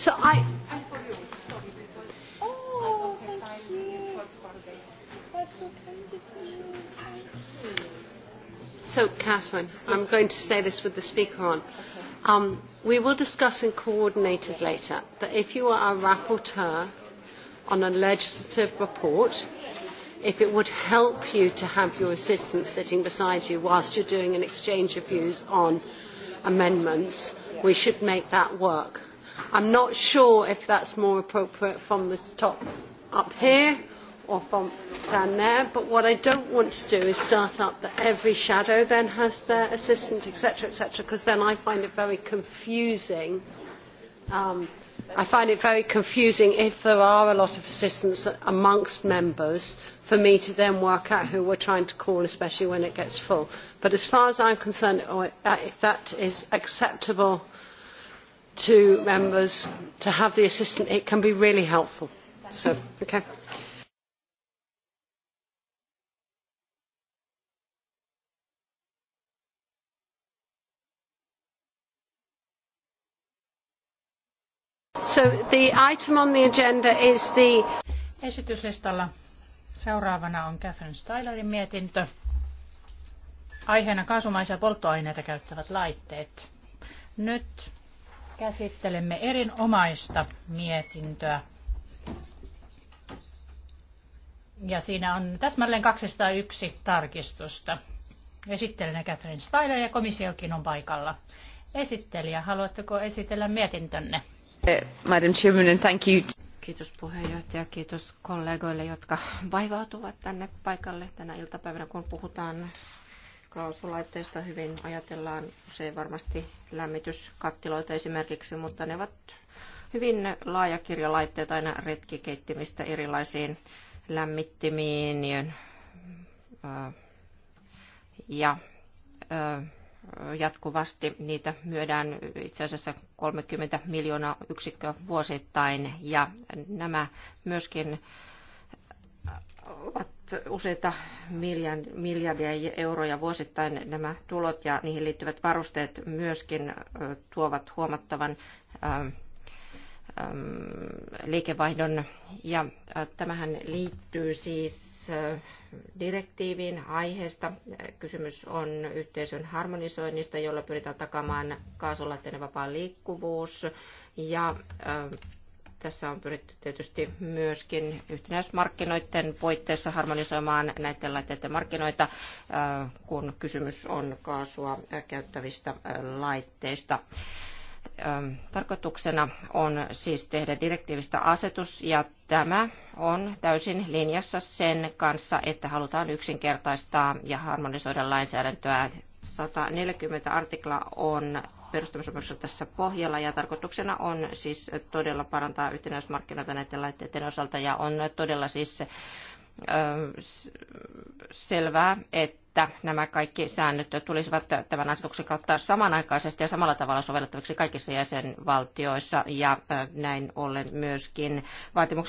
So I. Oh, thank you. That's so kind of you. So, Catherine, I'm going to say this with the speaker on. Um, we will discuss in coordinators later, that if you are a rapporteur on a legislative report, if it would help you to have your assistant sitting beside you whilst you're doing an exchange of views on amendments, we should make that work i am not sure if that is more appropriate from the top up here or from down there, but what I do not want to do is start up that every shadow then has their assistant, etc., etc., because then I find it very confusing. Um, I find it very confusing if there are a lot of assistants amongst members for me to then work out who we are trying to call, especially when it gets full. But as far as i am concerned, oh, if that is acceptable to members to have the assistant, it can be really helpful. So, okay. So the item on the agenda is the... Esityslistalla seuraavana on Catherine Stylerin mietintö. Aiheena kaasumaisia polttoaineita käyttävät laitteet. Nyt käsittelemme erinomaista mietintöä. Ja siinä on täsmälleen 201 tarkistusta. Esittelijänä Catherine Steiner ja komissiokin on paikalla. Esittelijä, haluatteko esitellä mietintönne? Madam Chairman, thank you. Kiitos puheenjohtaja, kiitos kollegoille, jotka vaivautuvat tänne paikalle tänä iltapäivänä, kun puhutaan kaasulaitteista hyvin ajatellaan usein varmasti lämmityskattiloita esimerkiksi, mutta ne ovat hyvin laajakirjalaitteita aina retkikeittimistä erilaisiin lämmittimiin ja jatkuvasti niitä myydään itse asiassa 30 miljoonaa yksikköä vuosittain ja nämä myöskin ovat useita miljardeja euroja vuosittain nämä tulot ja niihin liittyvät varusteet myöskin tuovat huomattavan liikevaihdon. Ja tämähän liittyy siis direktiiviin aiheesta. Kysymys on yhteisön harmonisoinnista, jolla pyritään takaamaan kaasulaitteiden vapaa liikkuvuus ja tässä on pyritty tietysti myöskin yhtenäismarkkinoiden puitteissa harmonisoimaan näiden laitteiden markkinoita, äh, kun kysymys on kaasua käyttävistä äh, laitteista. Ähm, tarkoituksena on siis tehdä direktiivistä asetus ja tämä on täysin linjassa sen kanssa, että halutaan yksinkertaistaa ja harmonisoida lainsäädäntöä. 140 artikla on perustamisopimuksessa tässä pohjalla ja tarkoituksena on siis todella parantaa yhtenäismarkkinoita näiden laitteiden osalta ja on todella siis selvää, että nämä kaikki säännöt tulisivat tämän asetuksen kautta samanaikaisesti ja samalla tavalla sovellettaviksi kaikissa jäsenvaltioissa ja näin ollen myöskin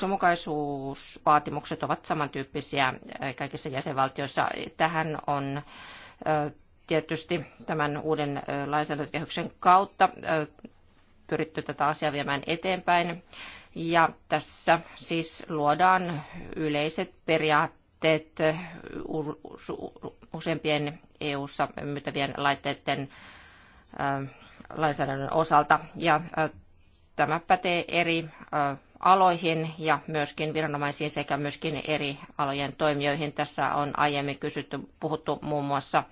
mukaisuusvaatimukset ovat samantyyppisiä kaikissa jäsenvaltioissa. Tähän on tietysti tämän uuden lainsäädäntökehyksen kautta pyritty tätä asiaa viemään eteenpäin. Ja tässä siis luodaan yleiset periaatteet useimpien EU-ssa myytävien laitteiden lainsäädännön osalta. Ja tämä pätee eri aloihin ja myöskin viranomaisiin sekä myöskin eri alojen toimijoihin. Tässä on aiemmin kysytty, puhuttu muun muassa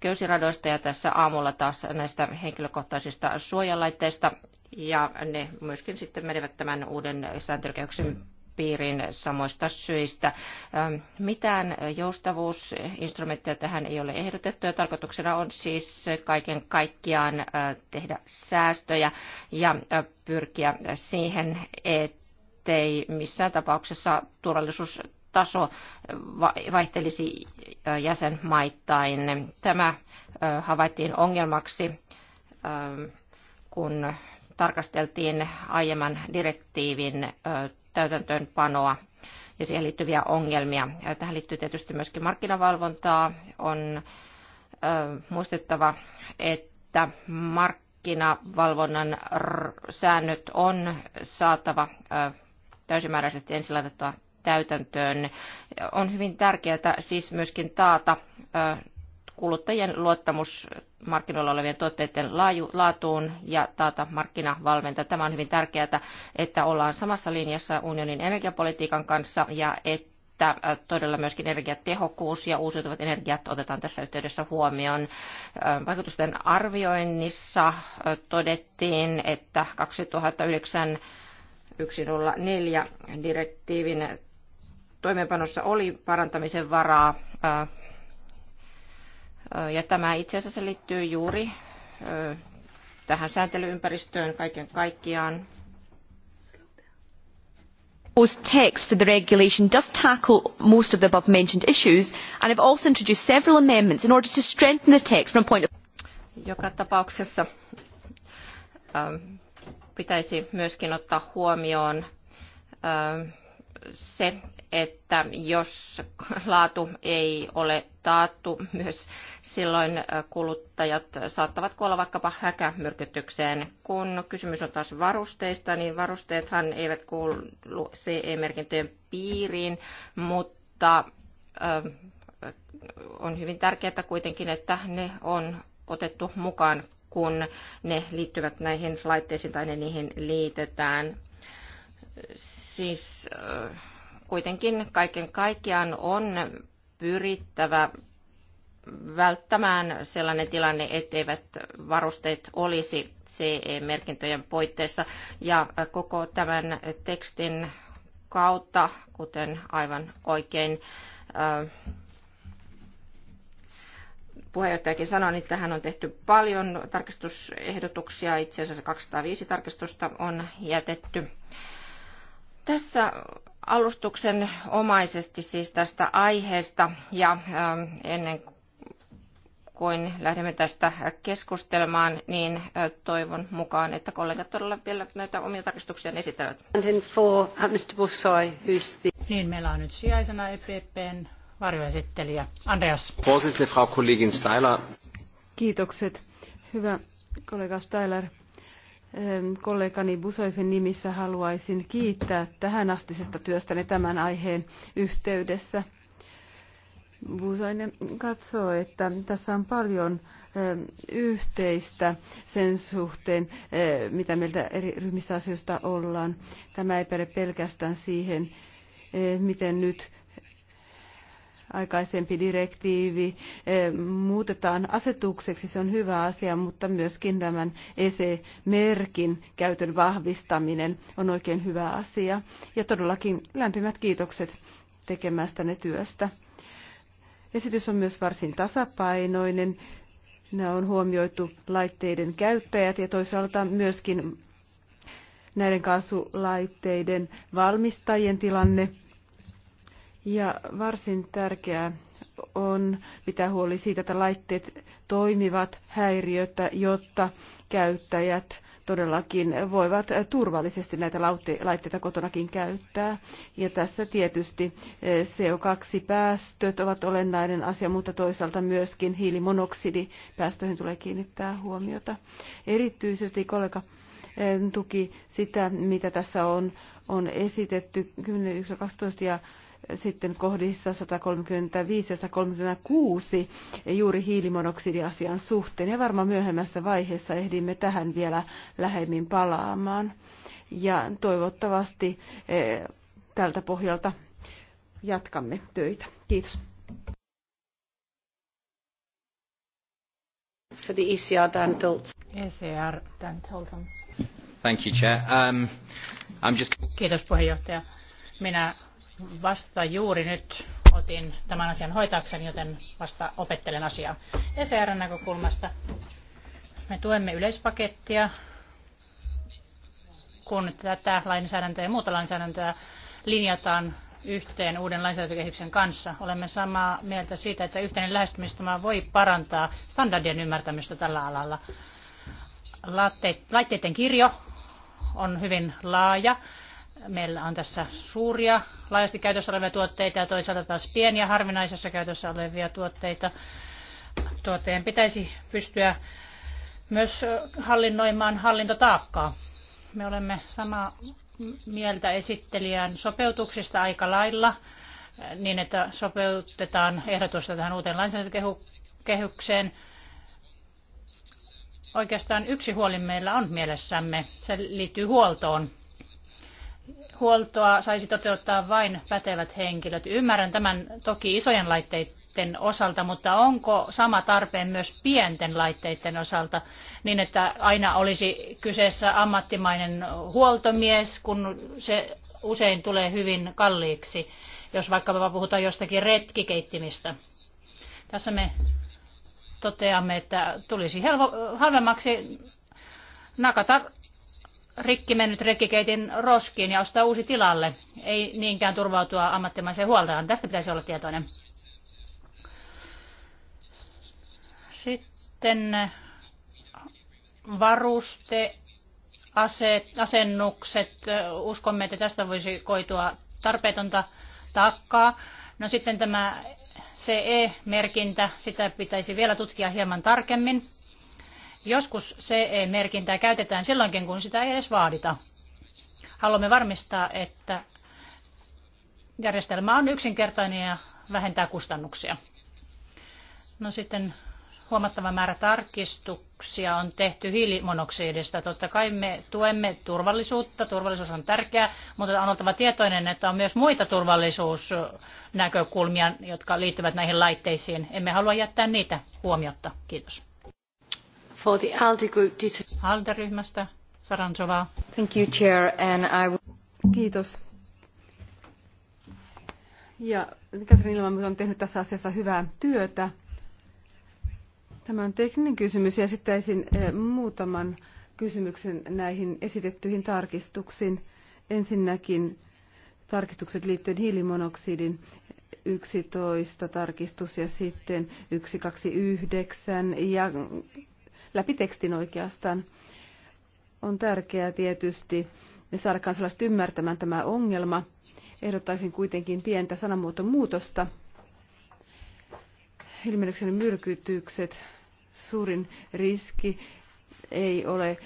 köysiradoista ja tässä aamulla taas näistä henkilökohtaisista suojalaitteista ja ne myöskin sitten menevät tämän uuden sääntelykehyksen piiriin samoista syistä. Ähm, mitään joustavuusinstrumentteja tähän ei ole ehdotettu ja tarkoituksena on siis kaiken kaikkiaan äh, tehdä säästöjä ja äh, pyrkiä siihen, että ettei missään tapauksessa turvallisuustaso vaihtelisi jäsenmaittain. Tämä havaittiin ongelmaksi, kun tarkasteltiin aiemman direktiivin täytäntöönpanoa ja siihen liittyviä ongelmia. Tähän liittyy tietysti myöskin markkinavalvontaa. On muistettava, että markkinavalvonnan säännöt on saatava täysimääräisesti ensin laitettua täytäntöön. On hyvin tärkeää siis myöskin taata kuluttajien luottamus markkinoilla olevien tuotteiden laaju, laatuun ja taata markkinavalventa. Tämä on hyvin tärkeää, että ollaan samassa linjassa unionin energiapolitiikan kanssa ja että että todella myöskin energiatehokkuus ja uusiutuvat energiat otetaan tässä yhteydessä huomioon. Vaikutusten arvioinnissa todettiin, että 2009 104 direktiivin toimeenpanossa oli parantamisen varaa. Ja tämä itse asiassa liittyy juuri tähän sääntelyympäristöön kaiken kaikkiaan. Proposed text for the regulation does tackle most of the above mentioned issues and have also introduced several amendments in order to strengthen the text from a point of Joka tapauksessa pitäisi myöskin ottaa huomioon se, että jos laatu ei ole taattu, myös silloin kuluttajat saattavat kuolla vaikkapa häkämyrkytykseen. Kun kysymys on taas varusteista, niin varusteethan eivät kuulu CE-merkintöjen piiriin, mutta on hyvin tärkeää kuitenkin, että ne on otettu mukaan kun ne liittyvät näihin laitteisiin tai ne niihin liitetään. Siis äh, kuitenkin kaiken kaikkiaan on pyrittävä välttämään sellainen tilanne, etteivät varusteet olisi CE-merkintöjen poitteissa. Ja äh, koko tämän tekstin kautta, kuten aivan oikein äh, puheenjohtajakin sanoi, niin tähän on tehty paljon tarkistusehdotuksia. Itse asiassa 205 tarkistusta on jätetty. Tässä alustuksen omaisesti siis tästä aiheesta ja ähm, ennen kuin lähdemme tästä keskustelemaan, niin äh, toivon mukaan, että kollegat todella vielä näitä omia tarkistuksia esittävät. Uh, niin, meillä on nyt sijaisena EPPn varjoesittelijä Andreas. Frau Kollegin Steiler. Kiitokset. Hyvä kollega Steiler. Kollegani Busoifen nimissä haluaisin kiittää tähän astisesta työstäni tämän aiheen yhteydessä. Busoinen katsoo, että tässä on paljon yhteistä sen suhteen, mitä meiltä eri ryhmissä asioista ollaan. Tämä ei päde pelkästään siihen, miten nyt aikaisempi direktiivi eh, muutetaan asetukseksi, se on hyvä asia, mutta myöskin tämän esimerkin merkin käytön vahvistaminen on oikein hyvä asia. Ja todellakin lämpimät kiitokset ne työstä. Esitys on myös varsin tasapainoinen. Nämä on huomioitu laitteiden käyttäjät ja toisaalta myöskin näiden kaasulaitteiden valmistajien tilanne ja varsin tärkeää on pitää huoli siitä, että laitteet toimivat häiriötä, jotta käyttäjät todellakin voivat turvallisesti näitä laitteita kotonakin käyttää. Ja tässä tietysti eh, CO2-päästöt ovat olennainen asia, mutta toisaalta myöskin hiilimonoksidipäästöihin tulee kiinnittää huomiota. Erityisesti kollega eh, tuki sitä, mitä tässä on, on esitetty 10, 11, 12 ja sitten kohdissa 135 ja 136 juuri hiilimonoksidiasian suhteen. Ja varmaan myöhemmässä vaiheessa ehdimme tähän vielä lähemmin palaamaan. Ja toivottavasti eh, tältä pohjalta jatkamme töitä. Kiitos. For the ECR, Dan ECR, Dan Thank you, Chair. Um, I'm just... Kiitos puheenjohtaja. Minä vasta juuri nyt otin tämän asian hoitaakseni, joten vasta opettelen asiaa. ECR-näkökulmasta me tuemme yleispakettia, kun tätä lainsäädäntöä ja muuta lainsäädäntöä linjataan yhteen uuden lainsäädäntökehyksen kanssa. Olemme samaa mieltä siitä, että yhteinen lähestymistapa voi parantaa standardien ymmärtämistä tällä alalla. Laitteiden kirjo on hyvin laaja Meillä on tässä suuria, laajasti käytössä olevia tuotteita ja toisaalta taas pieniä, harvinaisessa käytössä olevia tuotteita. Tuotteen pitäisi pystyä myös hallinnoimaan hallintotaakkaa. Me olemme samaa mieltä esittelijän sopeutuksista aika lailla niin, että sopeutetaan ehdotusta tähän uuteen lainsäädäntökehykseen. Oikeastaan yksi huoli meillä on mielessämme. Se liittyy huoltoon huoltoa saisi toteuttaa vain pätevät henkilöt. Ymmärrän tämän toki isojen laitteiden osalta, mutta onko sama tarpeen myös pienten laitteiden osalta niin, että aina olisi kyseessä ammattimainen huoltomies, kun se usein tulee hyvin kalliiksi, jos vaikkapa puhutaan jostakin retkikeittimistä. Tässä me toteamme, että tulisi helvo, halvemmaksi nakata rikki mennyt rekkikeitin roskiin ja ostaa uusi tilalle. Ei niinkään turvautua ammattimaiseen huoltaan. Tästä pitäisi olla tietoinen. Sitten varuste, ase, asennukset. Uskomme, että tästä voisi koitua tarpeetonta taakkaa. No sitten tämä CE-merkintä, sitä pitäisi vielä tutkia hieman tarkemmin. Joskus CE-merkintää käytetään silloinkin, kun sitä ei edes vaadita. Haluamme varmistaa, että järjestelmä on yksinkertainen ja vähentää kustannuksia. No sitten huomattava määrä tarkistuksia on tehty hiilimonoksidista. Totta kai me tuemme turvallisuutta, turvallisuus on tärkeää, mutta on oltava tietoinen, että on myös muita turvallisuusnäkökulmia, jotka liittyvät näihin laitteisiin. Emme halua jättää niitä huomiotta. Kiitos. ALDE ryhmästä Saranjova. Thank you, Chair, and I... Kiitos. Ja Katrin Ilman on tehnyt tässä asiassa hyvää työtä. Tämä on tekninen kysymys ja esittäisin eh, muutaman kysymyksen näihin esitettyihin tarkistuksiin. Ensinnäkin tarkistukset liittyen hiilimonoksidin 11 tarkistus ja sitten 129 ja läpi tekstin oikeastaan. On tärkeää tietysti saada kansalaiset ymmärtämään tämä ongelma. Ehdottaisin kuitenkin pientä sanamuoton muutosta. Ilmennyksen myrkytykset, suurin riski ei ole e,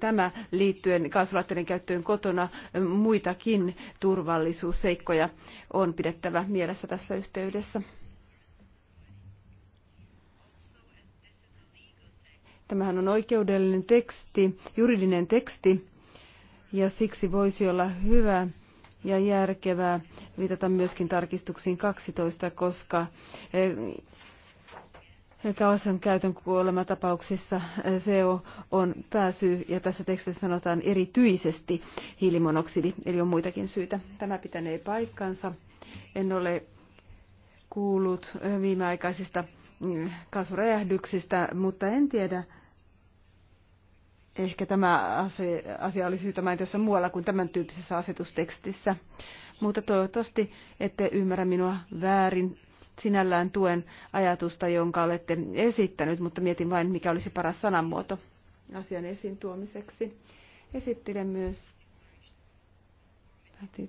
tämä liittyen kansalaisten käyttöön kotona. E, muitakin turvallisuusseikkoja on pidettävä mielessä tässä yhteydessä. Tämähän on oikeudellinen teksti, juridinen teksti, ja siksi voisi olla hyvä ja järkevää viitata myöskin tarkistuksiin 12, koska eh, kaosan käytön kuolematapauksissa eh, se on pääsy, ja tässä tekstissä sanotaan erityisesti hiilimonoksidi, eli on muitakin syitä. Tämä pitänee paikkansa. En ole kuullut eh, viimeaikaisista mm, kasvuräjähdyksistä, mutta en tiedä, ehkä tämä asia, asia olisi syytä mainita muualla kuin tämän tyyppisessä asetustekstissä. Mutta toivottavasti ette ymmärrä minua väärin. Sinällään tuen ajatusta, jonka olette esittänyt, mutta mietin vain, mikä olisi paras sanamuoto asian esiin tuomiseksi. Esittelen myös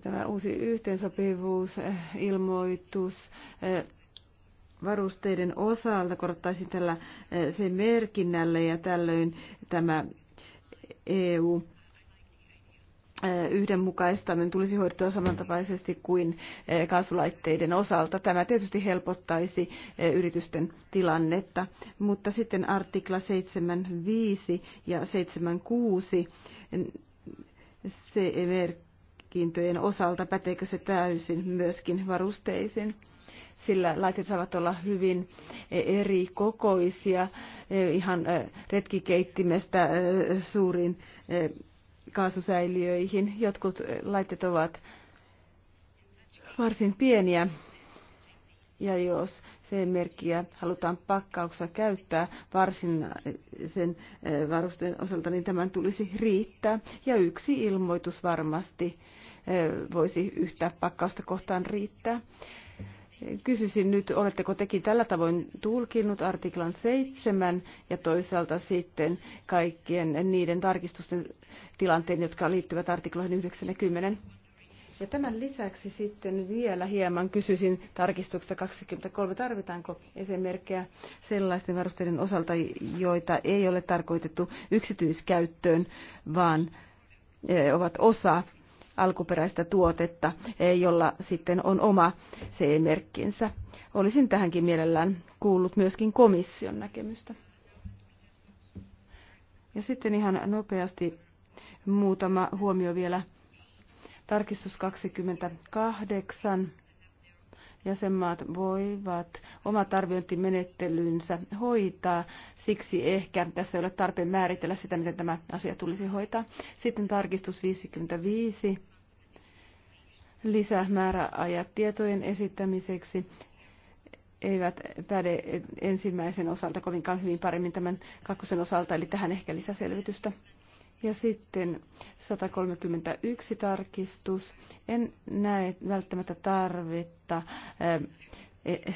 tämä uusi yhteensopivuus, eh, ilmoitus, eh, varusteiden osalta korottaisin tällä eh, sen merkinnälle ja tällöin tämä EU yhdenmukaistaminen niin tulisi hoidettua samantapaisesti kuin kaasulaitteiden osalta. Tämä tietysti helpottaisi yritysten tilannetta, mutta sitten artikla 7.5 ja 7.6 CE-merkintöjen osalta päteekö se täysin myöskin varusteisiin? sillä laitet saavat olla hyvin e, eri kokoisia, e, ihan e, retkikeittimestä suuriin kaasusäiliöihin. Jotkut laitteet ovat varsin pieniä, ja jos se merkkiä halutaan pakkauksessa käyttää varsinaisen varusteen osalta, niin tämän tulisi riittää. Ja yksi ilmoitus varmasti voisi yhtä pakkausta kohtaan riittää. Kysyisin nyt, oletteko tekin tällä tavoin tulkinnut artiklan 7 ja toisaalta sitten kaikkien niiden tarkistusten tilanteen, jotka liittyvät artikloihin 90. Ja tämän lisäksi sitten vielä hieman kysyisin tarkistuksesta 23. Tarvitaanko esimerkkejä sellaisten varusteiden osalta, joita ei ole tarkoitettu yksityiskäyttöön, vaan eh, ovat osa alkuperäistä tuotetta, e, jolla sitten on oma CE-merkkinsä. Olisin tähänkin mielellään kuullut myöskin komission näkemystä. Ja sitten ihan nopeasti muutama huomio vielä. Tarkistus 28 jäsenmaat voivat omat arviointimenettelynsä hoitaa. Siksi ehkä tässä ei ole tarpeen määritellä sitä, miten tämä asia tulisi hoitaa. Sitten tarkistus 55 lisämääräajat tietojen esittämiseksi eivät päde ensimmäisen osalta kovinkaan hyvin paremmin tämän kakkosen osalta, eli tähän ehkä lisäselvitystä. Ja sitten 131 tarkistus. En näe välttämättä tarvetta eh, eh,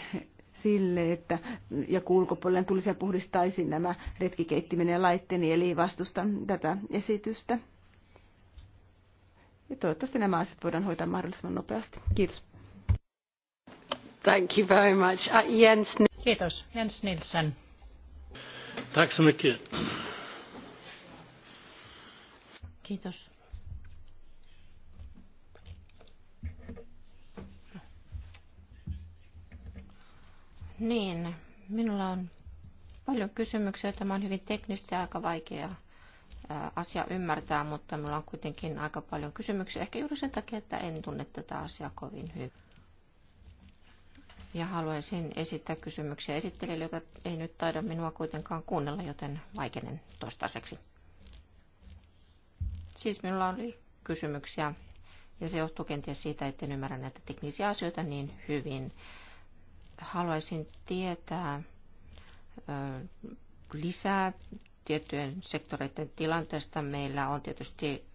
sille, että ja ulkopuolelle tulisi ja puhdistaisi nämä retkikeittiminen ja laitteeni, eli vastustan tätä esitystä. Ja toivottavasti nämä asiat voidaan hoitaa mahdollisimman nopeasti. Kiitos. Thank you very much. Uh, Jens... Kiitos. Jens Nilsson. Tack så mycket. Kiitos. Niin, minulla on paljon kysymyksiä. Tämä on hyvin teknistä ja aika vaikeaa asia ymmärtää, mutta minulla on kuitenkin aika paljon kysymyksiä, ehkä juuri sen takia, että en tunne tätä asiaa kovin hyvin. Ja haluaisin esittää kysymyksiä esittelijälle, joka ei nyt taida minua kuitenkaan kuunnella, joten vaikenen toistaiseksi. Siis minulla oli kysymyksiä, ja se johtuu kenties siitä, että en ymmärrä näitä teknisiä asioita niin hyvin. Haluaisin tietää lisää tiettyjen sektoreiden tilanteesta. Meillä on tietysti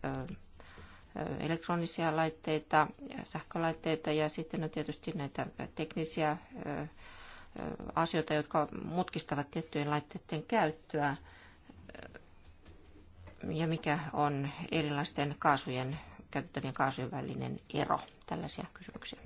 elektronisia laitteita, sähkölaitteita ja sitten on tietysti näitä teknisiä asioita, jotka mutkistavat tiettyjen laitteiden käyttöä ja mikä on erilaisten kaasujen, käytettävien kaasujen välinen ero. Tällaisia kysymyksiä.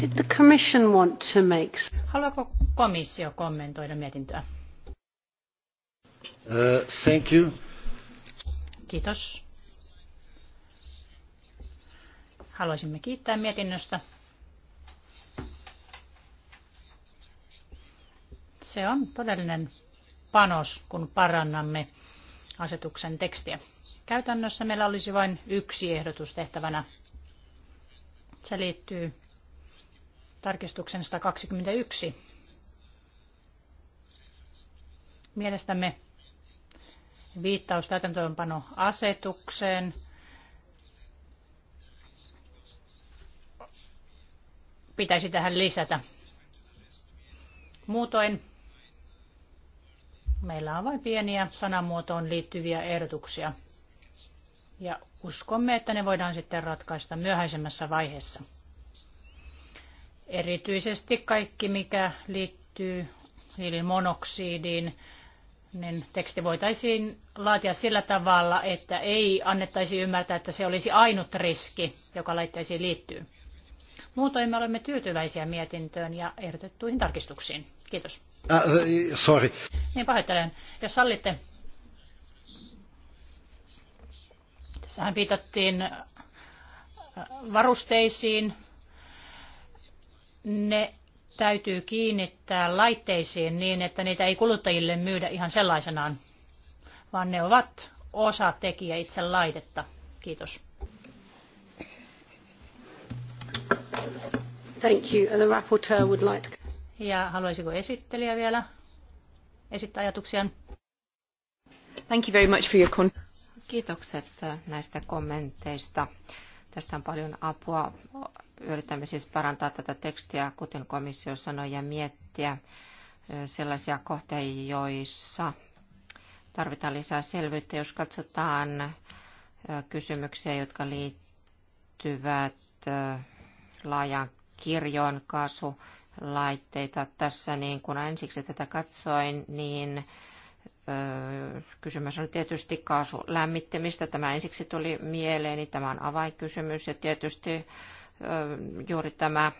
Did the commission want to make... Haluaako komissio kommentoida mietintöä? Uh, thank you. Kiitos. Haluaisimme kiittää mietinnöstä. Se on todellinen panos, kun parannamme asetuksen tekstiä. Käytännössä meillä olisi vain yksi ehdotus tehtävänä. Se liittyy tarkistuksen 121. Mielestämme viittaus täytäntöönpanoasetukseen pitäisi tähän lisätä. Muutoin meillä on vain pieniä sanamuotoon liittyviä ehdotuksia ja uskomme, että ne voidaan sitten ratkaista myöhäisemmässä vaiheessa. Erityisesti kaikki, mikä liittyy hiilimonoksidiin, niin teksti voitaisiin laatia sillä tavalla, että ei annettaisi ymmärtää, että se olisi ainut riski, joka laitteisiin liittyy. Muutoin me olemme tyytyväisiä mietintöön ja ehdotettuihin tarkistuksiin. Kiitos. Äh, sorry. Niin pahoittelen. Jos sallitte. Tässähän viitattiin varusteisiin, ne täytyy kiinnittää laitteisiin niin, että niitä ei kuluttajille myydä ihan sellaisenaan, vaan ne ovat osa tekijä itse laitetta. Kiitos. Thank you. And the rapporteur would like Ja haluaisiko esittelijä vielä esittää ajatuksiaan? Thank you very much for your con- Kiitokset näistä kommenteista. Tästä on paljon apua yritämme siis parantaa tätä tekstiä, kuten komissio sanoi, ja miettiä sellaisia kohteita, joissa tarvitaan lisää selvyyttä. Jos katsotaan kysymyksiä, jotka liittyvät laajaan kirjoon kaasulaitteita tässä, niin kun ensiksi tätä katsoin, niin Kysymys on tietysti kaasulämmittämistä. Tämä ensiksi tuli mieleeni. Tämä on avainkysymys ja tietysti juuri tämä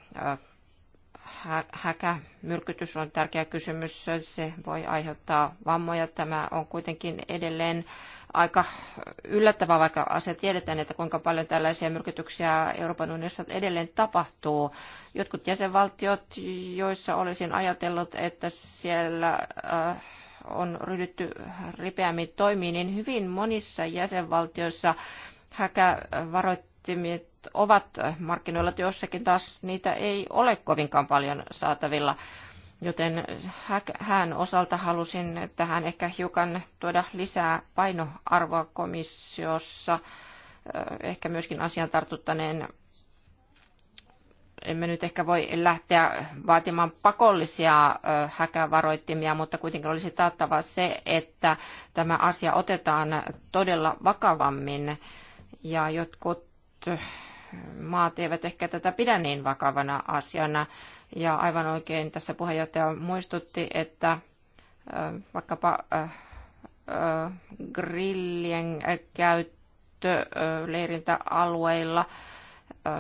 häkämyrkytys on tärkeä kysymys. Se voi aiheuttaa vammoja. Tämä on kuitenkin edelleen aika yllättävää, vaikka asia tiedetään, että kuinka paljon tällaisia myrkytyksiä Euroopan unionissa edelleen tapahtuu. Jotkut jäsenvaltiot, joissa olisin ajatellut, että siellä on ryhdytty ripeämmin toimiin, niin hyvin monissa jäsenvaltioissa häkä varoittaa kannustimet ovat markkinoilla, jossakin taas niitä ei ole kovinkaan paljon saatavilla. Joten hän osalta halusin tähän ehkä hiukan tuoda lisää painoarvoa komissiossa, eh, ehkä myöskin asian tartuttaneen emme nyt ehkä voi lähteä vaatimaan pakollisia eh, häkävaroittimia, mutta kuitenkin olisi taattava se, että tämä asia otetaan todella vakavammin. Ja jotkut Eh, maat eivät ehkä tätä pidä niin vakavana asiana. Ja aivan oikein tässä puheenjohtaja muistutti, että eh, vaikkapa eh, grillien käyttö leirintäalueilla,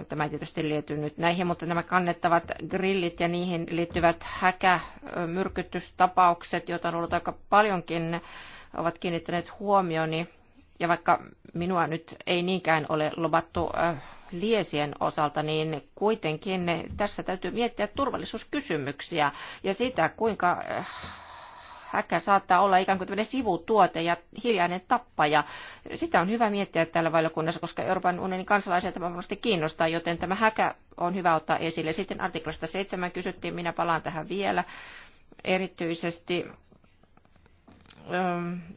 tämä ei tietysti liity nyt näihin, mutta nämä kannettavat grillit ja niihin liittyvät häkämyrkytystapaukset, joita on ollut aika paljonkin, ovat kiinnittäneet huomioni ja vaikka minua nyt ei niinkään ole lobattu liesien osalta, niin kuitenkin tässä täytyy miettiä turvallisuuskysymyksiä ja sitä, kuinka häkä saattaa olla ikään kuin tämmöinen sivutuote ja hiljainen tappaja. Sitä on hyvä miettiä täällä valiokunnassa, koska Euroopan unionin kansalaisia tämä varmasti kiinnostaa, joten tämä häkä on hyvä ottaa esille. Sitten artiklasta 7 kysyttiin, minä palaan tähän vielä erityisesti,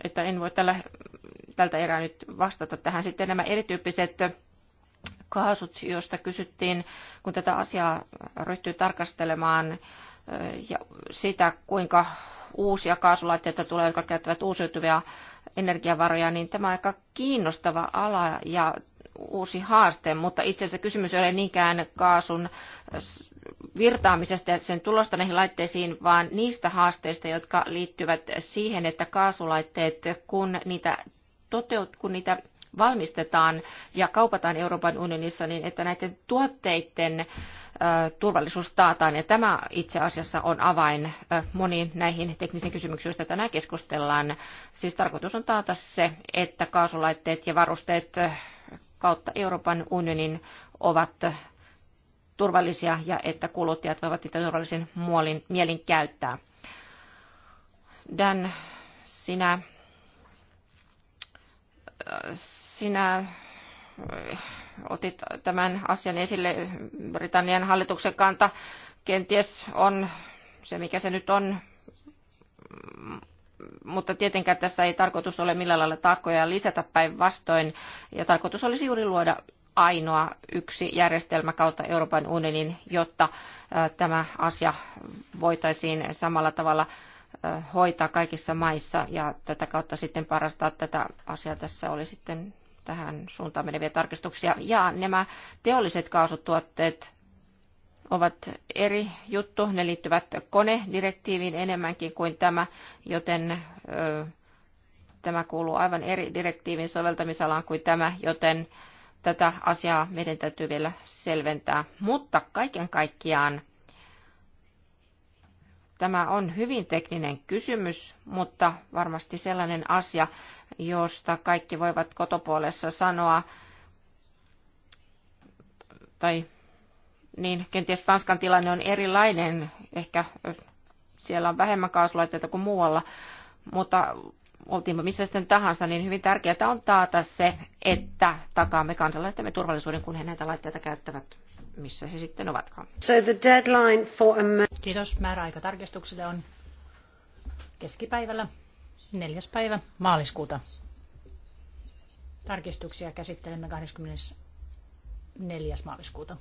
että en voi tällä tältä erää nyt vastata tähän. Sitten nämä erityyppiset kaasut, joista kysyttiin, kun tätä asiaa ryhtyy tarkastelemaan ja sitä, kuinka uusia kaasulaitteita tulee, jotka käyttävät uusiutuvia energiavaroja, niin tämä on aika kiinnostava ala ja uusi haaste, mutta itse asiassa kysymys ei ole niinkään kaasun virtaamisesta ja sen tulosta näihin laitteisiin, vaan niistä haasteista, jotka liittyvät siihen, että kaasulaitteet, kun niitä toteut, kun niitä valmistetaan ja kaupataan Euroopan unionissa, niin että näiden tuotteiden turvallisuus taataan. Ja tämä itse asiassa on avain moniin näihin teknisiin kysymyksiin, joista tänään keskustellaan. Siis tarkoitus on taata se, että kaasulaitteet ja varusteet kautta Euroopan unionin ovat turvallisia ja että kuluttajat voivat niitä turvallisen muolin, mielin käyttää. Dan, sinä sinä eh, otit tämän asian esille. Britannian hallituksen kanta kenties on se, mikä se nyt on, mutta tietenkään tässä ei tarkoitus ole millään lailla taakkoja lisätä päinvastoin, ja tarkoitus olisi juuri luoda ainoa yksi järjestelmä kautta Euroopan unionin, jotta eh, tämä asia voitaisiin samalla tavalla hoitaa kaikissa maissa ja tätä kautta sitten parastaa tätä asiaa. Tässä oli sitten tähän suuntaan meneviä tarkistuksia. Ja nämä teolliset kaasutuotteet ovat eri juttu. Ne liittyvät konedirektiiviin enemmänkin kuin tämä, joten ö, tämä kuuluu aivan eri direktiivin soveltamisalaan kuin tämä, joten tätä asiaa meidän täytyy vielä selventää. Mutta kaiken kaikkiaan Tämä on hyvin tekninen kysymys, mutta varmasti sellainen asia, josta kaikki voivat kotopuolessa sanoa, tai niin kenties Tanskan tilanne on erilainen, ehkä siellä on vähemmän kaasulaitteita kuin muualla, mutta oltiin missä sitten tahansa, niin hyvin tärkeää on taata se, että takaamme kansalaistemme turvallisuuden, kun he näitä laitteita käyttävät missä he sitten ovatkaan. So the deadline for a... Kiitos. Määräaika tarkistuksille on keskipäivällä neljäs päivä maaliskuuta. Tarkistuksia käsittelemme 24. maaliskuuta.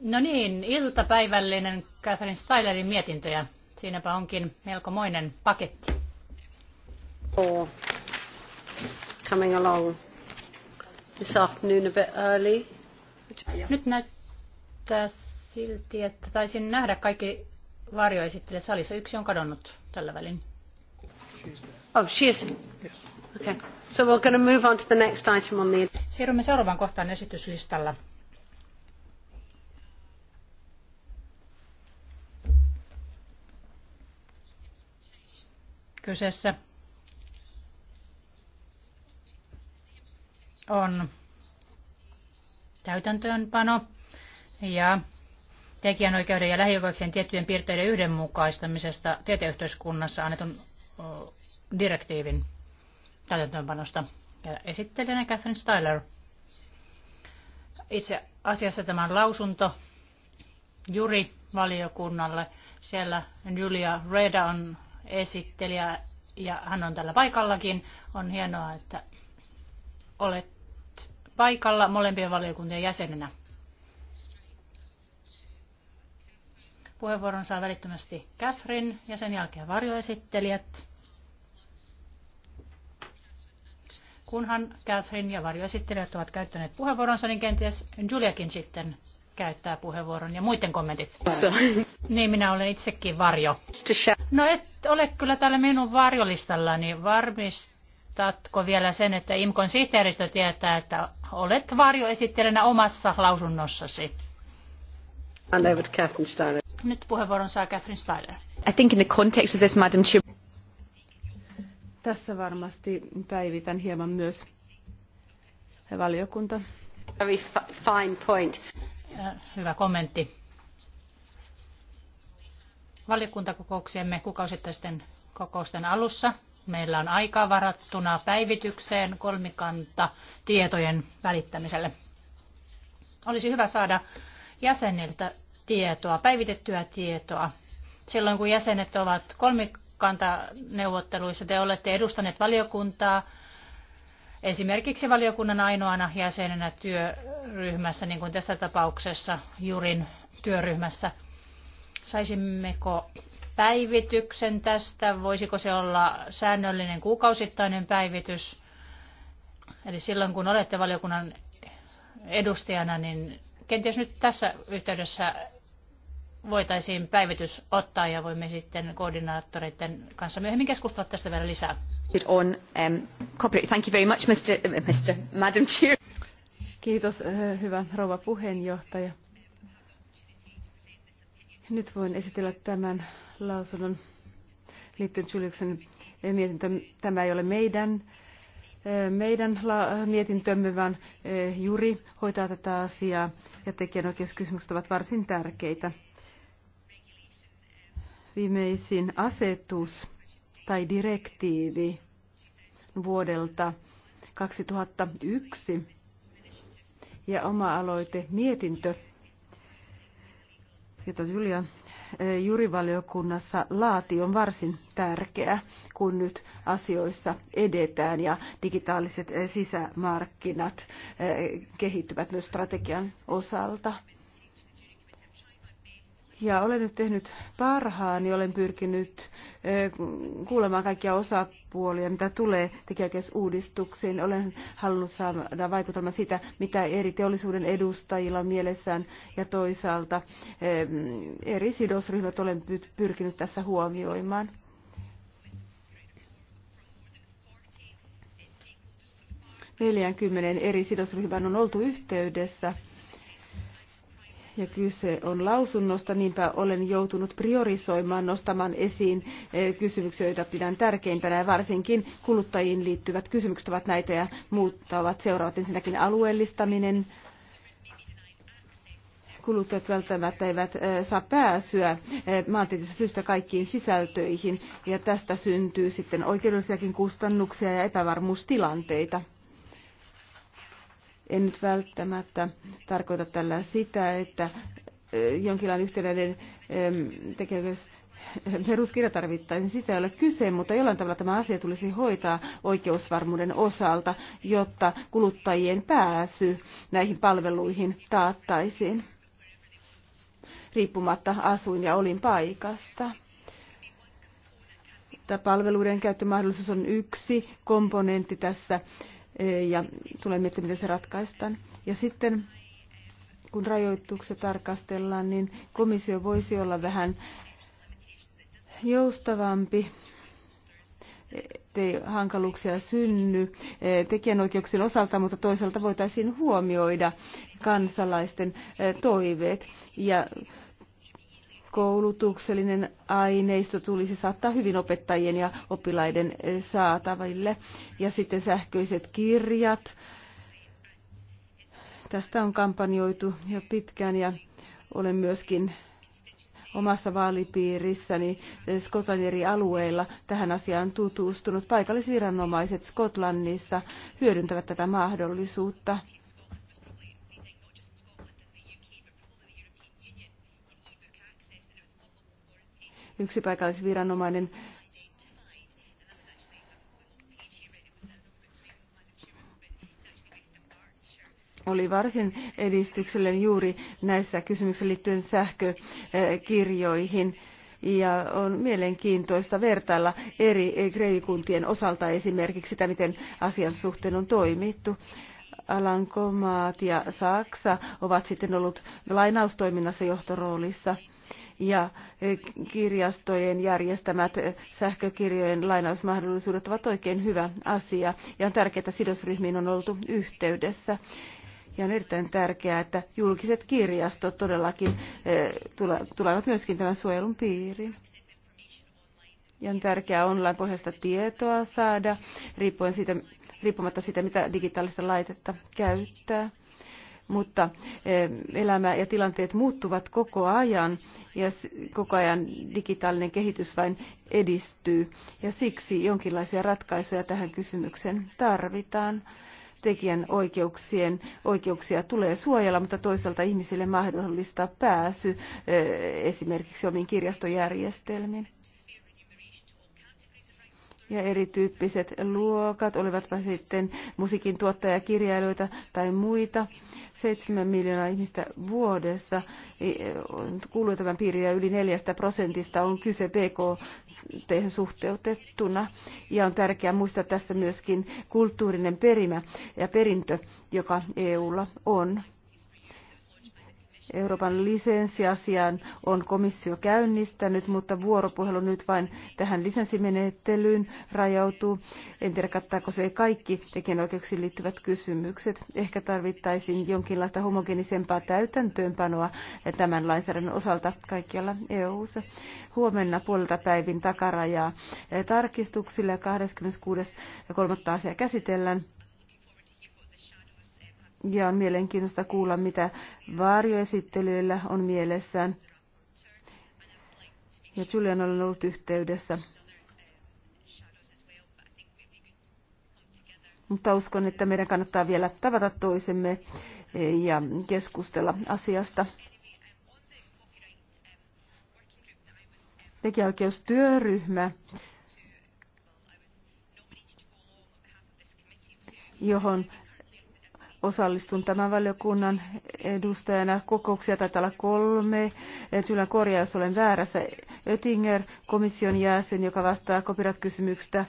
No niin, iltapäivällinen Catherine Stylerin mietintöjä. Siinäpä onkin melkomoinen paketti. Oh coming along this afternoon a bit early. Nyt näyttää silti, että taisin nähdä kaikki varjoesittelijät salissa. Yksi on kadonnut tällä välin. Oh, she is. Yes. Okay. So we're going to move on to the next item on the... Siirrymme seuraavaan kohtaan esityslistalla. Kyseessä on täytäntöönpano ja tekijänoikeuden ja lähioikeuksien tiettyjen piirteiden yhdenmukaistamisesta tietoyhteiskunnassa annetun direktiivin täytäntöönpanosta. Ja esittelijänä Catherine Styler. Itse asiassa tämä on lausunto Juri valiokunnalle. Siellä Julia Reda on esittelijä ja hän on tällä paikallakin. On hienoa, että olet paikalla molempien valiokuntien jäsenenä. Puheenvuoron saa välittömästi Catherine ja sen jälkeen varjoesittelijät. Kunhan Catherine ja varjoesittelijät ovat käyttäneet puheenvuoronsa, niin kenties Juliakin sitten käyttää puheenvuoron ja muiden kommentit. Niin, minä olen itsekin varjo. No et ole kyllä täällä minun varjolistallani. Varmist, muistatko vielä sen, että IMKON sihteeristö tietää, että olet varjoesittelijänä omassa lausunnossasi? And over to Catherine Steiner. Nyt puheenvuoron saa Catherine Steiner. I think in the context of this, Madam Chair... Tässä varmasti päivitän hieman myös valiokunta. Very fine point. Hyvä kommentti. Valiokuntakokouksiemme kuukausittaisten kokousten alussa Meillä on aikaa varattuna päivitykseen kolmikanta tietojen välittämiselle. Olisi hyvä saada jäseniltä tietoa, päivitettyä tietoa. Silloin kun jäsenet ovat kolmikantaneuvotteluissa, te olette edustaneet valiokuntaa, esimerkiksi valiokunnan ainoana jäsenenä työryhmässä, niin kuin tässä tapauksessa Jurin työryhmässä. Saisimmeko päivityksen tästä. Voisiko se olla säännöllinen kuukausittainen päivitys? Eli silloin kun olette valiokunnan edustajana, niin kenties nyt tässä yhteydessä voitaisiin päivitys ottaa ja voimme sitten koordinaattoreiden kanssa myöhemmin keskustella tästä vielä lisää. On, um, Thank you very much, Mr. Mr. Madam Chair. Kiitos, eh, hyvä rouva puheenjohtaja. Nyt voin esitellä tämän lausunnon liittyen Juliuksen mietintöön. Tämä ei ole meidän meidän mietintömme, vaan Juri hoitaa tätä asiaa ja tekijänoikeuskysymykset ovat varsin tärkeitä. Viimeisin asetus tai direktiivi vuodelta 2001 ja oma aloite mietintö, jota Julia jurivaliokunnassa laati on varsin tärkeä, kun nyt asioissa edetään ja digitaaliset sisämarkkinat kehittyvät myös strategian osalta. Ja olen nyt tehnyt parhaani, niin olen pyrkinyt kuulemaan kaikkia osapuolia, mitä tulee tekijäkeskuudistuksiin. Olen halunnut saada vaikutelma siitä, mitä eri teollisuuden edustajilla on mielessään ja toisaalta eri sidosryhmät olen pyrkinyt tässä huomioimaan. Neljänkymmenen eri sidosryhmän on oltu yhteydessä – ja kyse on lausunnosta, niinpä olen joutunut priorisoimaan nostamaan esiin eh, kysymyksiä, joita pidän tärkeimpänä ja varsinkin kuluttajiin liittyvät kysymykset ovat näitä ja muutta ovat seuraavat ensinnäkin alueellistaminen, kuluttajat välttämättä eivät eh, saa pääsyä eh, maantieteellisestä syystä kaikkiin sisältöihin ja tästä syntyy sitten oikeudellisiakin kustannuksia ja epävarmuustilanteita. En nyt välttämättä tarkoita tällä sitä, että jonkinlainen yhtenäinen tekemys peruskirja tarvittaisiin, sitä ei ole kyse, mutta jollain tavalla tämä asia tulisi hoitaa oikeusvarmuuden osalta, jotta kuluttajien pääsy näihin palveluihin taattaisiin riippumatta asuin- ja olin Tämä palveluiden käyttömahdollisuus on yksi komponentti tässä ja tulee miettimään, miten se ratkaistaan. Ja sitten kun rajoituksia tarkastellaan, niin komissio voisi olla vähän joustavampi, ettei hankaluuksia synny tekijänoikeuksien osalta, mutta toisaalta voitaisiin huomioida kansalaisten toiveet. Ja koulutuksellinen aineisto tulisi saattaa hyvin opettajien ja oppilaiden eh, saataville. Ja sitten sähköiset kirjat. Tästä on kampanjoitu jo pitkään ja olen myöskin omassa vaalipiirissäni eh, Skotlannin eri alueilla tähän asiaan tutustunut. Paikallisviranomaiset Skotlannissa hyödyntävät tätä mahdollisuutta. yksi paikallisviranomainen oli varsin edistyksellinen juuri näissä kysymyksissä liittyen sähkökirjoihin. Ja on mielenkiintoista vertailla eri kreikuntien osalta esimerkiksi sitä, miten asian suhteen on toimittu. Alankomaat ja Saksa ovat sitten ollut lainaustoiminnassa johtoroolissa ja e, kirjastojen järjestämät e, sähkökirjojen lainausmahdollisuudet ovat oikein hyvä asia ja on tärkeää, että sidosryhmiin on oltu yhteydessä. Ja on erittäin tärkeää, että julkiset kirjastot todellakin e, tulevat myöskin tämän suojelun piiriin. Ja on tärkeää online-pohjaista tietoa saada, riippuen siitä, riippumatta siitä, mitä digitaalista laitetta käyttää. Mutta eh, elämä ja tilanteet muuttuvat koko ajan ja koko ajan digitaalinen kehitys vain edistyy. Ja siksi jonkinlaisia ratkaisuja tähän kysymykseen tarvitaan tekijän oikeuksien oikeuksia tulee suojella, mutta toisaalta ihmisille mahdollistaa pääsy eh, esimerkiksi omiin kirjastojärjestelmiin ja erityyppiset luokat, olivatpa sitten musiikin tuottaja, kirjailijoita tai muita. 7 miljoonaa ihmistä vuodessa e, kuuluu tämän piirin ja yli 4 prosentista on kyse BKT suhteutettuna. Ja on tärkeää muistaa tässä myöskin kulttuurinen perimä ja perintö, joka EUlla on. Euroopan lisenssiasian on komissio käynnistänyt, mutta vuoropuhelu nyt vain tähän lisenssimenettelyyn rajautuu. En tiedä, kattaako se kaikki tekijänoikeuksiin liittyvät kysymykset. Ehkä tarvittaisiin jonkinlaista homogenisempaa täytäntöönpanoa tämän lainsäädännön osalta kaikkialla EU-ssa. Huomenna puolelta päivin takarajaa tarkistuksille ja 26.3. asia käsitellään. Ja on mielenkiintoista kuulla, mitä varjoesittelyillä on mielessään. Ja Julian on ollut yhteydessä. Mutta uskon, että meidän kannattaa vielä tavata toisemme ja keskustella asiasta. Tekijäoikeustyöryhmä, johon osallistun tämän valiokunnan edustajana. Kokouksia taitaa olla kolme. Kyllä korjaa, jos olen väärässä. Oettinger, komission jäsen, joka vastaa copyright-kysymyksistä,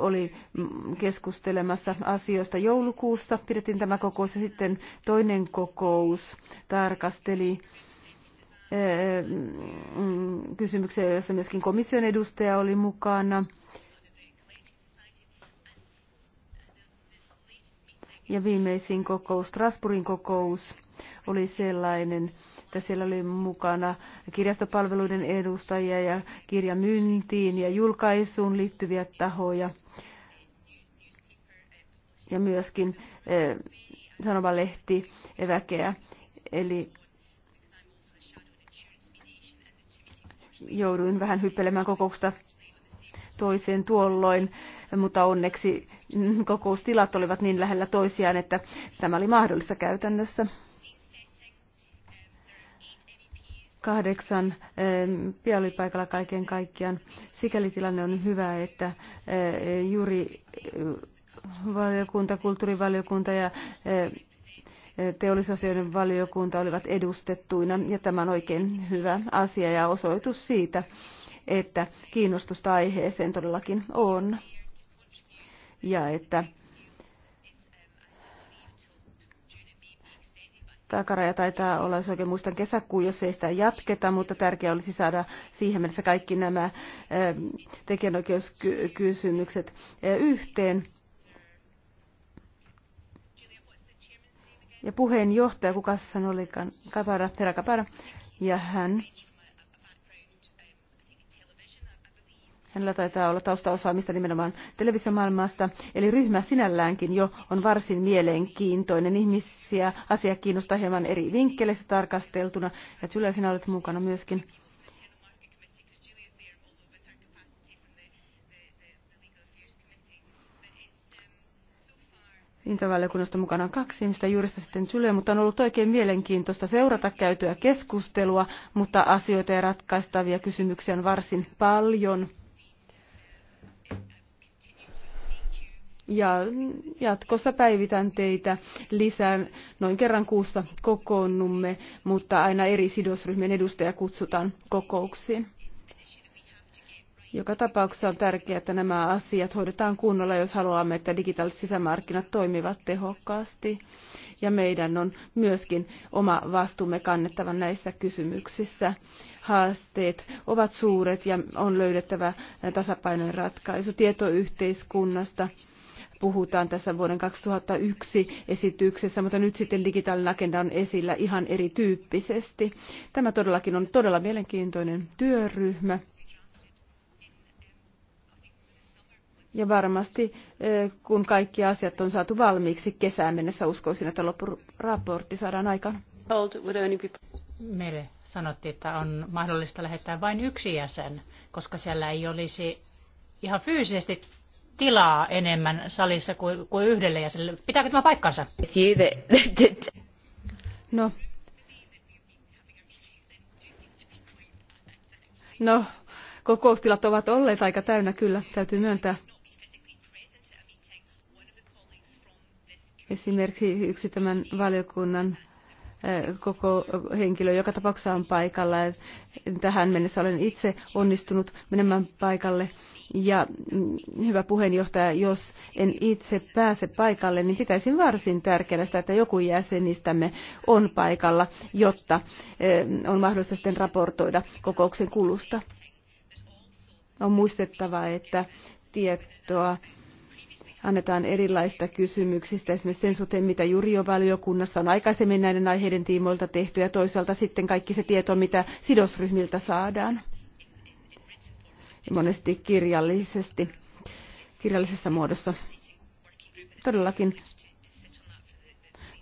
oli mm, keskustelemassa asioista joulukuussa. Pidettiin tämä kokous ja sitten toinen kokous tarkasteli mm, kysymyksiä, joissa myöskin komission edustaja oli mukana. Ja viimeisin kokous, Strasbourgin kokous, oli sellainen, että siellä oli mukana kirjastopalveluiden edustajia ja kirjamyyntiin ja julkaisuun liittyviä tahoja. Ja myöskin eh, lehti väkeä. Eli jouduin vähän hyppelemään kokousta toiseen tuolloin, mutta onneksi kokoustilat olivat niin lähellä toisiaan, että tämä oli mahdollista käytännössä. kahdeksan eh, paikalla kaiken kaikkiaan. Sikäli tilanne on hyvä, että eh, juuri eh, valiokunta, kulttuurivaliokunta ja teollisuusasioiden valiokunta olivat edustettuina ja tämä on oikein hyvä asia ja osoitus siitä, että kiinnostusta aiheeseen todellakin on ja että takaraja taitaa olla, jos oikein muistan, kesäkuun, jos ei sitä jatketa, mutta tärkeää olisi saada siihen mennessä kaikki nämä ähm, tekijänoikeuskysymykset äh, yhteen. Ja puheenjohtaja, kuka sen olikaan, Kapara, herra Kapara, ja hän hänellä taitaa olla taustaosaamista nimenomaan televisiomaailmasta. Eli ryhmä sinälläänkin jo on varsin mielenkiintoinen. Ihmisiä asia kiinnostaa hieman eri vinkkeleissä tarkasteltuna. Ja Julia, sinä olet mukana myöskin. Intavaliokunnasta mukana on kaksi ihmistä, juurista sitten Julia, mutta on ollut oikein mielenkiintoista seurata käytyä keskustelua, mutta asioita ja ratkaistavia kysymyksiä on varsin paljon. ja jatkossa päivitän teitä lisää. Noin kerran kuussa kokoonnumme, mutta aina eri sidosryhmien edustajia kutsutaan kokouksiin. Joka tapauksessa on tärkeää, että nämä asiat hoidetaan kunnolla, jos haluamme, että digitaaliset sisämarkkinat toimivat tehokkaasti. Ja meidän on myöskin oma vastuumme kannettava näissä kysymyksissä. Haasteet ovat suuret ja on löydettävä tasapainoinen ratkaisu tietoyhteiskunnasta puhutaan tässä vuoden 2001 esityksessä, mutta nyt sitten digitaalinen agenda on esillä ihan erityyppisesti. Tämä todellakin on todella mielenkiintoinen työryhmä. Ja varmasti, eh, kun kaikki asiat on saatu valmiiksi kesään mennessä, uskoisin, että loppuraportti saadaan aikaan. Meille sanottiin, että on mahdollista lähettää vain yksi jäsen, koska siellä ei olisi ihan fyysisesti tilaa enemmän salissa kuin, kuin yhdelle jäsenelle. Pitääkö tämä paikkansa? No. No, kokoustilat ovat olleet aika täynnä kyllä, täytyy myöntää. Esimerkiksi yksi tämän valiokunnan koko henkilö joka tapauksessa on paikalla. Tähän mennessä olen itse onnistunut menemään paikalle ja mm, hyvä puheenjohtaja, jos en itse pääse paikalle, niin pitäisin varsin tärkeänä sitä, että joku jäsenistämme on paikalla, jotta eh, on mahdollista sitten raportoida kokouksen kulusta. On muistettava, että tietoa annetaan erilaista kysymyksistä, esimerkiksi sen suhteen, mitä valiokunnassa on aikaisemmin näiden aiheiden tiimoilta tehty, ja toisaalta sitten kaikki se tieto, mitä sidosryhmiltä saadaan ja monesti kirjallisesti, kirjallisessa muodossa. Todellakin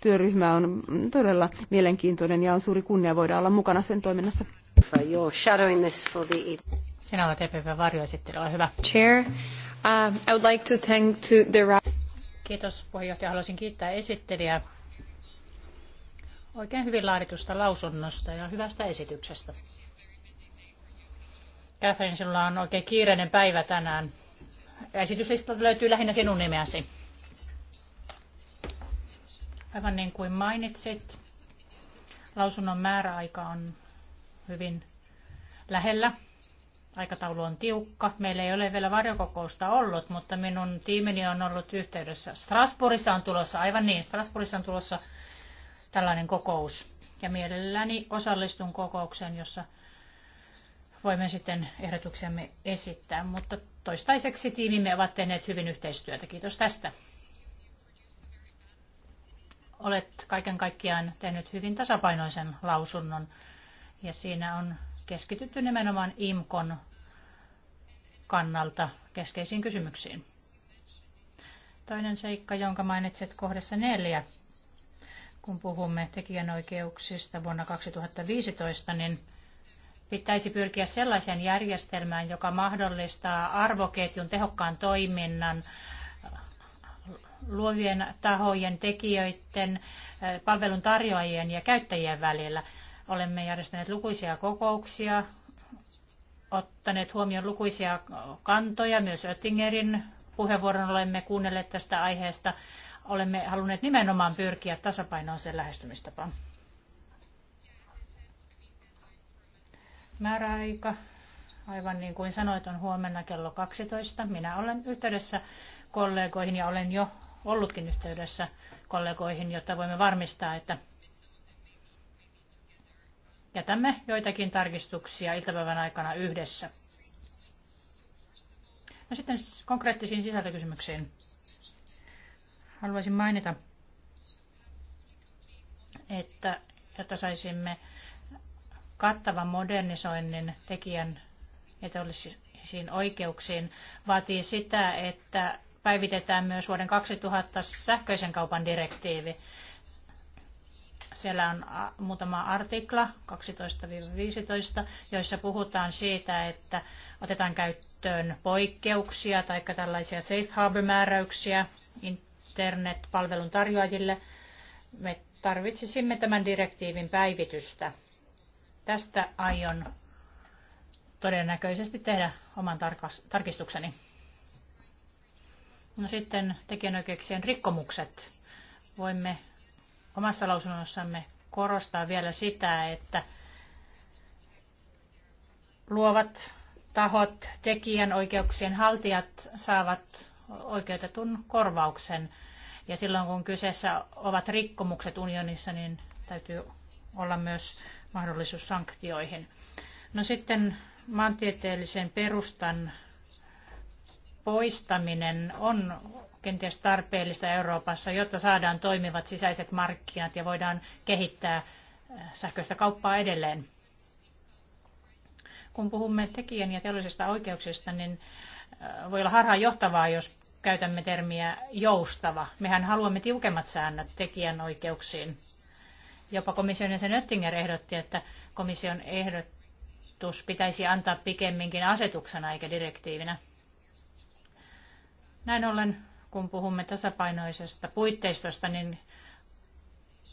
työryhmä on todella mielenkiintoinen ja on suuri kunnia voida olla mukana sen toiminnassa. Sinä olet EPP-varjoesittely, ole hyvä. Chair, uh, I would like to thank to the... Kiitos puheenjohtaja. Haluaisin kiittää esittelijää oikein hyvin laaditusta lausunnosta ja hyvästä esityksestä. Catherine, sinulla on oikein kiireinen päivä tänään. Esityslista löytyy lähinnä sinun nimeäsi. Aivan niin kuin mainitsit, lausunnon määräaika on hyvin lähellä. Aikataulu on tiukka. Meillä ei ole vielä varjokokousta ollut, mutta minun tiimini on ollut yhteydessä. Strasbourgissa on tulossa, aivan niin, Strasbourgissa on tulossa tällainen kokous. Ja mielelläni osallistun kokoukseen, jossa voimme sitten ehdotuksemme esittää, mutta toistaiseksi tiimimme ovat tehneet hyvin yhteistyötä. Kiitos tästä. Olet kaiken kaikkiaan tehnyt hyvin tasapainoisen lausunnon ja siinä on keskitytty nimenomaan IMKON kannalta keskeisiin kysymyksiin. Toinen seikka, jonka mainitset kohdassa neljä, kun puhumme tekijänoikeuksista vuonna 2015, niin pitäisi pyrkiä sellaiseen järjestelmään, joka mahdollistaa arvoketjun tehokkaan toiminnan luovien tahojen, tekijöiden, palveluntarjoajien ja käyttäjien välillä. Olemme järjestäneet lukuisia kokouksia, ottaneet huomioon lukuisia kantoja, myös Oettingerin puheenvuoron olemme kuunnelleet tästä aiheesta. Olemme halunneet nimenomaan pyrkiä tasapainoiseen lähestymistapaan. määräaika, aivan niin kuin sanoit, on huomenna kello 12. Minä olen yhteydessä kollegoihin ja olen jo ollutkin yhteydessä kollegoihin, jotta voimme varmistaa, että jätämme joitakin tarkistuksia iltapäivän aikana yhdessä. No sitten konkreettisiin sisältökysymyksiin. Haluaisin mainita, että jotta saisimme kattavan modernisoinnin tekijän ja teollisiin oikeuksiin vaatii sitä, että päivitetään myös vuoden 2000 sähköisen kaupan direktiivi. Siellä on muutama artikla, 12-15, joissa puhutaan siitä, että otetaan käyttöön poikkeuksia tai tällaisia safe harbor-määräyksiä internetpalvelun tarjoajille. Me tarvitsisimme tämän direktiivin päivitystä. Tästä aion todennäköisesti tehdä oman tarkistukseni. No sitten tekijänoikeuksien rikkomukset. Voimme omassa lausunnossamme korostaa vielä sitä, että luovat tahot, tekijänoikeuksien haltijat saavat oikeutetun korvauksen. Ja silloin kun kyseessä ovat rikkomukset unionissa, niin täytyy olla myös mahdollisuus sanktioihin. No sitten maantieteellisen perustan poistaminen on kenties tarpeellista Euroopassa, jotta saadaan toimivat sisäiset markkinat ja voidaan kehittää äh, sähköistä kauppaa edelleen. Kun puhumme tekijän ja teollisista oikeuksista, niin äh, voi olla harhaan johtavaa, jos käytämme termiä joustava. Mehän haluamme tiukemmat säännöt tekijän oikeuksiin. Jopa komission jäsen Oettinger ehdotti, että komission ehdotus pitäisi antaa pikemminkin asetuksena eikä direktiivinä. Näin ollen, kun puhumme tasapainoisesta puitteistosta, niin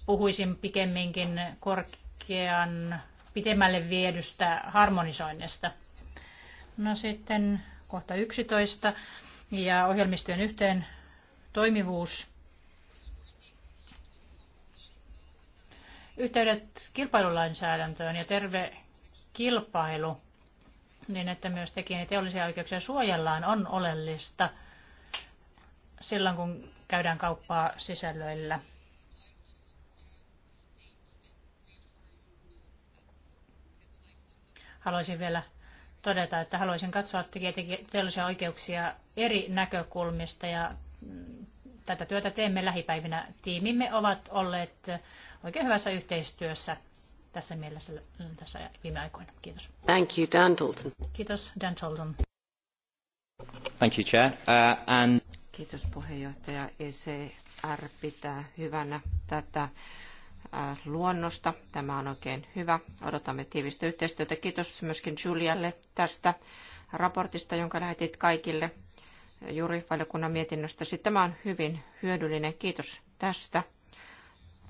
puhuisin pikemminkin korkean pitemmälle viedystä harmonisoinnista. No sitten kohta 11 ja ohjelmistojen yhteen toimivuus. yhteydet kilpailulainsäädäntöön ja terve kilpailu, niin että myös tekijän teollisia oikeuksia suojellaan, on oleellista silloin, kun käydään kauppaa sisällöillä. Haluaisin vielä todeta, että haluaisin katsoa teollisia oikeuksia eri näkökulmista ja tätä työtä teemme lähipäivinä. Tiimimme ovat olleet oikein hyvässä yhteistyössä tässä mielessä tässä viime aikoina. Kiitos. Thank you, Dan Dalton. Kiitos, Dan Dalton. Thank you, Chair. Uh, and... Kiitos puheenjohtaja. ECR pitää hyvänä tätä uh, luonnosta. Tämä on oikein hyvä. Odotamme tiivistä yhteistyötä. Kiitos myöskin Julialle tästä raportista, jonka lähetit kaikille juurivaliokunnan mietinnöstä. Sitten siis tämä on hyvin hyödyllinen. Kiitos tästä.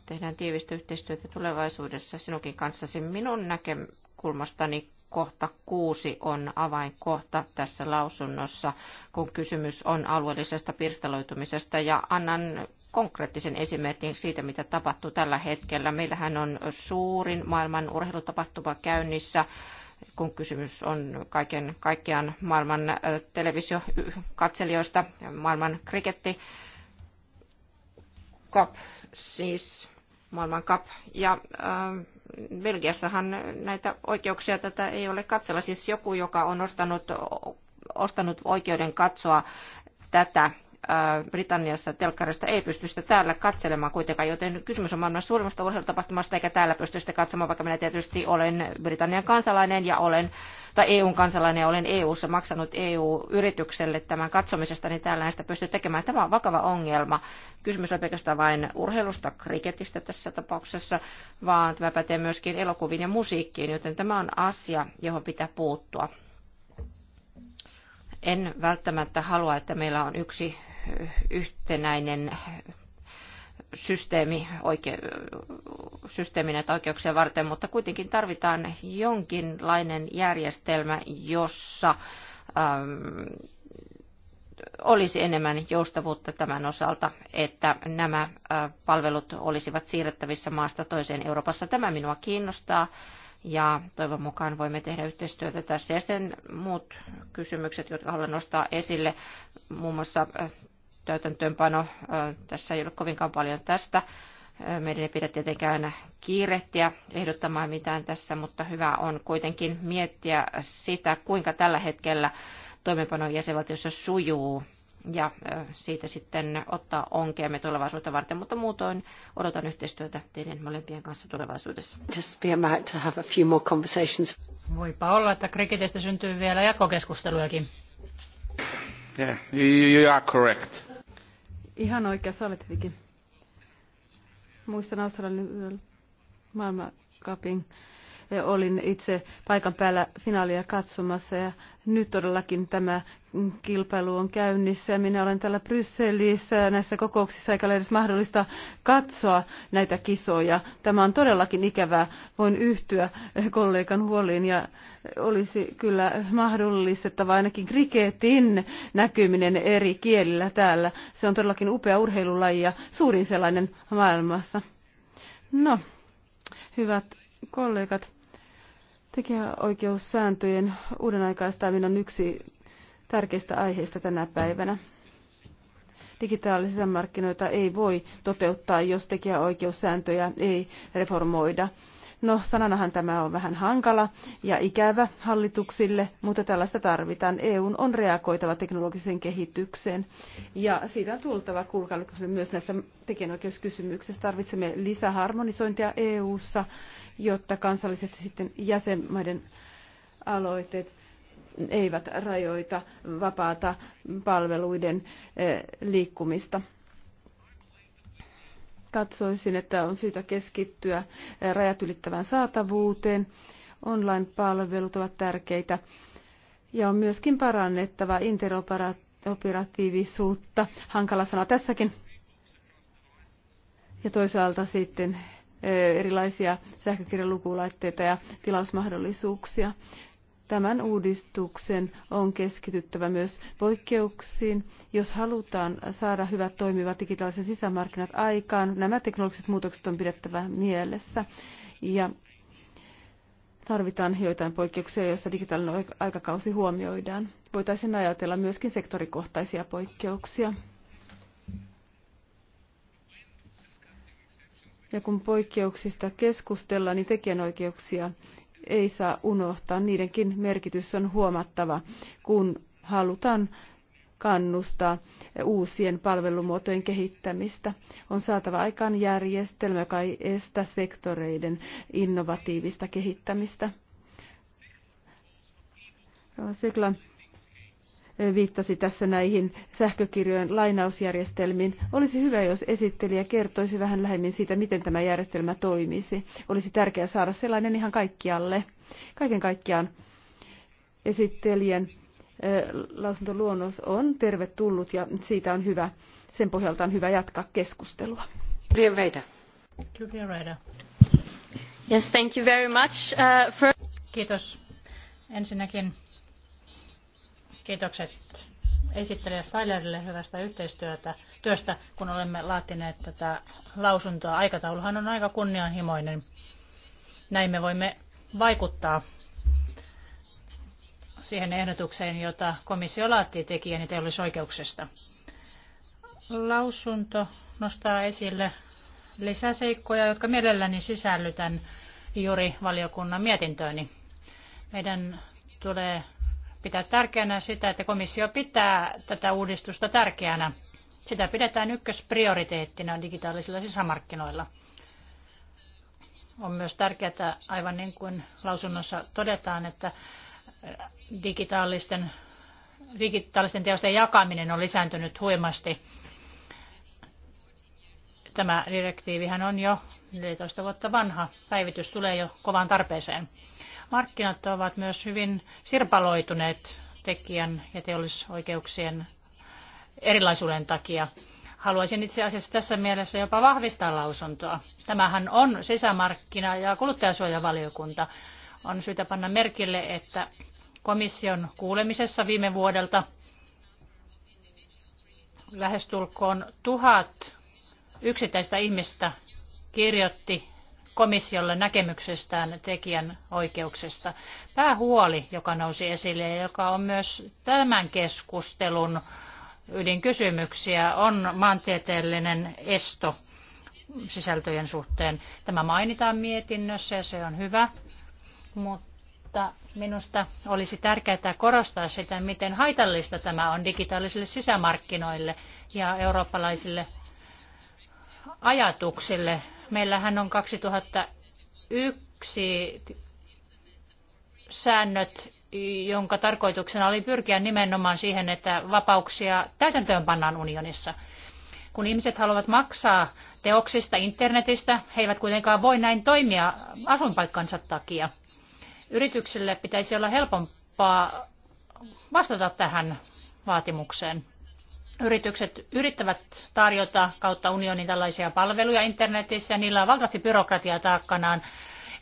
Tehdään tiivistä yhteistyötä tulevaisuudessa sinunkin kanssasi. Minun näkökulmastani kohta kuusi on avainkohta tässä lausunnossa, kun kysymys on alueellisesta pirstaloitumisesta. Ja annan konkreettisen esimerkin siitä, mitä tapahtuu tällä hetkellä. Meillähän on suurin maailman urheilutapahtuma käynnissä kun kysymys on kaiken kaikkiaan maailman televisiokatselijoista, maailman kriketti, kap, siis maailman kap. Ja äh, Belgiassahan näitä oikeuksia tätä ei ole katsella. Siis joku, joka on ostanut, ostanut oikeuden katsoa tätä Äh, Britanniassa telkkarista ei pysty sitä täällä katselemaan kuitenkaan, joten kysymys on maailman suurimmasta urheilutapahtumasta, eikä täällä pysty sitä katsomaan, vaikka minä tietysti olen Britannian kansalainen ja olen, tai EUn kansalainen ja olen EU-ssa maksanut EU-yritykselle tämän katsomisesta, niin täällä en sitä pysty tekemään. Tämä on vakava ongelma. Kysymys on pelkästään vain urheilusta, kriketistä tässä tapauksessa, vaan tämä pätee myöskin elokuviin ja musiikkiin, joten tämä on asia, johon pitää puuttua en välttämättä halua, että meillä on yksi yhtenäinen systeemi, oike, systeemi näitä oikeuksia varten, mutta kuitenkin tarvitaan jonkinlainen järjestelmä, jossa äm, olisi enemmän joustavuutta tämän osalta, että nämä ä, äh, palvelut olisivat siirrettävissä maasta toiseen Euroopassa. Tämä minua kiinnostaa ja toivon mukaan voimme tehdä yhteistyötä tässä. Ja sen muut kysymykset, jotka haluan nostaa esille, muun muassa äh, täytäntöönpano. Tässä ei ole kovinkaan paljon tästä. Meidän ei pidä tietenkään kiirehtiä ehdottamaan mitään tässä, mutta hyvä on kuitenkin miettiä sitä, kuinka tällä hetkellä toimenpano jäsenvaltiossa sujuu ja siitä sitten ottaa onkeamme tulevaisuutta varten, mutta muutoin odotan yhteistyötä teidän molempien kanssa tulevaisuudessa. Just be to have a few more conversations. Voipa olla, että kriketistä syntyy vielä jatkokeskustelujakin. Yeah, you, you are correct. Ihan oikeassa olet, Viki. Muistan Australian maailmankapin olin itse paikan päällä finaalia katsomassa ja nyt todellakin tämä kilpailu on käynnissä. Minä olen täällä Brysselissä näissä kokouksissa eikä ole edes mahdollista katsoa näitä kisoja. Tämä on todellakin ikävää. Voin yhtyä kollegan huoliin ja olisi kyllä mahdollista, ainakin kriketin näkyminen eri kielillä täällä. Se on todellakin upea urheilulaji ja suurin sellainen maailmassa. No, hyvät kollegat, Tekijäoikeussääntöjen aikaistaminen on yksi tärkeistä aiheista tänä päivänä. Digitaalisia markkinoita ei voi toteuttaa, jos tekijäoikeussääntöjä ei reformoida. No, sananahan tämä on vähän hankala ja ikävä hallituksille, mutta tällaista tarvitaan. EUn on reagoitava teknologiseen kehitykseen ja siitä on tultava kulkalle myös näissä tekijänoikeuskysymyksissä. Tarvitsemme lisäharmonisointia EUssa jotta kansallisesti sitten jäsenmaiden aloitteet eivät rajoita vapaata palveluiden eh, liikkumista. Katsoisin, että on syytä keskittyä eh, rajat ylittävään saatavuuteen. Online-palvelut ovat tärkeitä ja on myöskin parannettava interoperatiivisuutta. Hankala sana tässäkin. Ja toisaalta sitten Eh, erilaisia sähkökirjalukulaitteita ja tilausmahdollisuuksia. Tämän uudistuksen on keskityttävä myös poikkeuksiin. Jos halutaan saada hyvät toimivat digitaaliset sisämarkkinat aikaan, nämä teknologiset muutokset on pidettävä mielessä. Ja tarvitaan joitain poikkeuksia, joissa digitaalinen aikakausi huomioidaan. Voitaisiin ajatella myöskin sektorikohtaisia poikkeuksia. Ja kun poikkeuksista keskustellaan, niin tekijänoikeuksia ei saa unohtaa. Niidenkin merkitys on huomattava, kun halutaan kannustaa uusien palvelumuotojen kehittämistä. On saatava aikaan järjestelmä, joka ei estä sektoreiden innovatiivista kehittämistä. Sekla viittasi tässä näihin sähkökirjojen lainausjärjestelmiin. Olisi hyvä, jos esittelijä kertoisi vähän lähemmin siitä, miten tämä järjestelmä toimisi. Olisi tärkeää saada sellainen ihan kaikkialle. Kaiken kaikkiaan esittelijän lausuntoluonnos on tervetullut ja siitä on hyvä, sen pohjalta on hyvä jatkaa keskustelua. Yes, thank you very much. Uh, first... Kiitos. Ensinnäkin Kiitokset esittelijä Steilerille hyvästä yhteistyötä työstä, kun olemme laatineet tätä lausuntoa. Aikatauluhan on aika kunnianhimoinen. Näin me voimme vaikuttaa siihen ehdotukseen, jota komissio laatti tekijän teollisoikeuksesta. Lausunto nostaa esille lisäseikkoja, jotka mielelläni sisällytän juuri valiokunnan mietintööni. Meidän tulee pitää tärkeänä sitä, että komissio pitää tätä uudistusta tärkeänä. Sitä pidetään ykkösprioriteettina digitaalisilla sisämarkkinoilla. On myös tärkeää, aivan niin kuin lausunnossa todetaan, että digitaalisten, digitaalisten teosten jakaminen on lisääntynyt huimasti. Tämä direktiivihän on jo 14 vuotta vanha. Päivitys tulee jo kovan tarpeeseen. Markkinat ovat myös hyvin sirpaloituneet tekijän ja teollisoikeuksien erilaisuuden takia. Haluaisin itse asiassa tässä mielessä jopa vahvistaa lausuntoa. Tämähän on sisämarkkina- ja kuluttajasuojavaliokunta. On syytä panna merkille, että komission kuulemisessa viime vuodelta lähestulkoon tuhat yksittäistä ihmistä kirjoitti komissiolle näkemyksestään tekijän oikeuksesta. Päähuoli, joka nousi esille ja joka on myös tämän keskustelun ydinkysymyksiä, on maantieteellinen esto sisältöjen suhteen. Tämä mainitaan mietinnössä ja se on hyvä, mutta minusta olisi tärkeää korostaa sitä, miten haitallista tämä on digitaalisille sisämarkkinoille ja eurooppalaisille ajatuksille Meillähän on 2001 säännöt, jonka tarkoituksena oli pyrkiä nimenomaan siihen, että vapauksia täytäntöön pannaan unionissa. Kun ihmiset haluavat maksaa teoksista internetistä, he eivät kuitenkaan voi näin toimia asuinpaikkansa takia. Yrityksille pitäisi olla helpompaa vastata tähän vaatimukseen. Yritykset yrittävät tarjota kautta unionin tällaisia palveluja internetissä. Niillä on valtavasti byrokratiaa taakkanaan.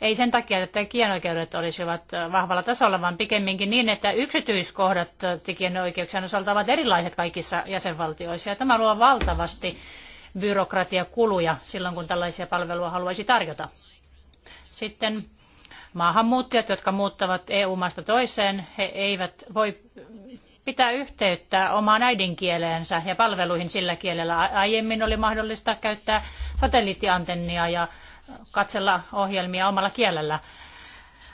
Ei sen takia, että tekijänoikeudet olisivat vahvalla tasolla, vaan pikemminkin niin, että yksityiskohdat tekijänoikeuksien osalta ovat erilaiset kaikissa jäsenvaltioissa. Ja tämä luo valtavasti byrokratiakuluja silloin, kun tällaisia palveluja haluaisi tarjota. Sitten maahanmuuttajat, jotka muuttavat EU-maasta toiseen, he eivät voi pitää yhteyttä omaan äidinkieleensä ja palveluihin sillä kielellä. Aiemmin oli mahdollista käyttää satelliittiantennia ja katsella ohjelmia omalla kielellä.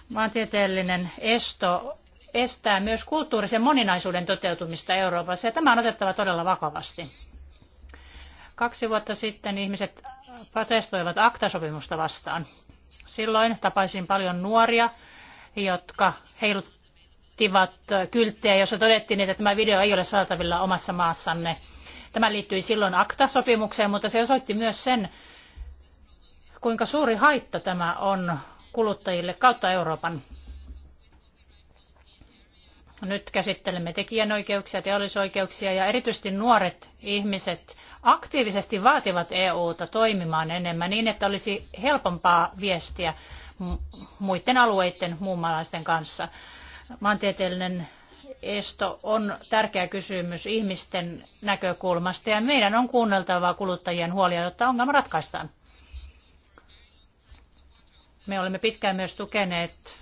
Maantieteellinen esto estää myös kulttuurisen moninaisuuden toteutumista Euroopassa ja tämä on otettava todella vakavasti. Kaksi vuotta sitten ihmiset protestoivat aktasopimusta vastaan. Silloin tapaisin paljon nuoria, jotka heilut, ottivat kylttejä, jossa todettiin, että tämä video ei ole saatavilla omassa maassanne. Tämä liittyi silloin ACTA-sopimukseen, mutta se osoitti myös sen, kuinka suuri haitta tämä on kuluttajille kautta Euroopan. Nyt käsittelemme tekijänoikeuksia, teollisoikeuksia ja erityisesti nuoret ihmiset aktiivisesti vaativat EUta toimimaan enemmän niin, että olisi helpompaa viestiä muiden alueiden muunmaalaisten kanssa maantieteellinen esto on tärkeä kysymys ihmisten näkökulmasta ja meidän on kuunneltava kuluttajien huolia, jotta ongelma ratkaistaan. Me olemme pitkään myös tukeneet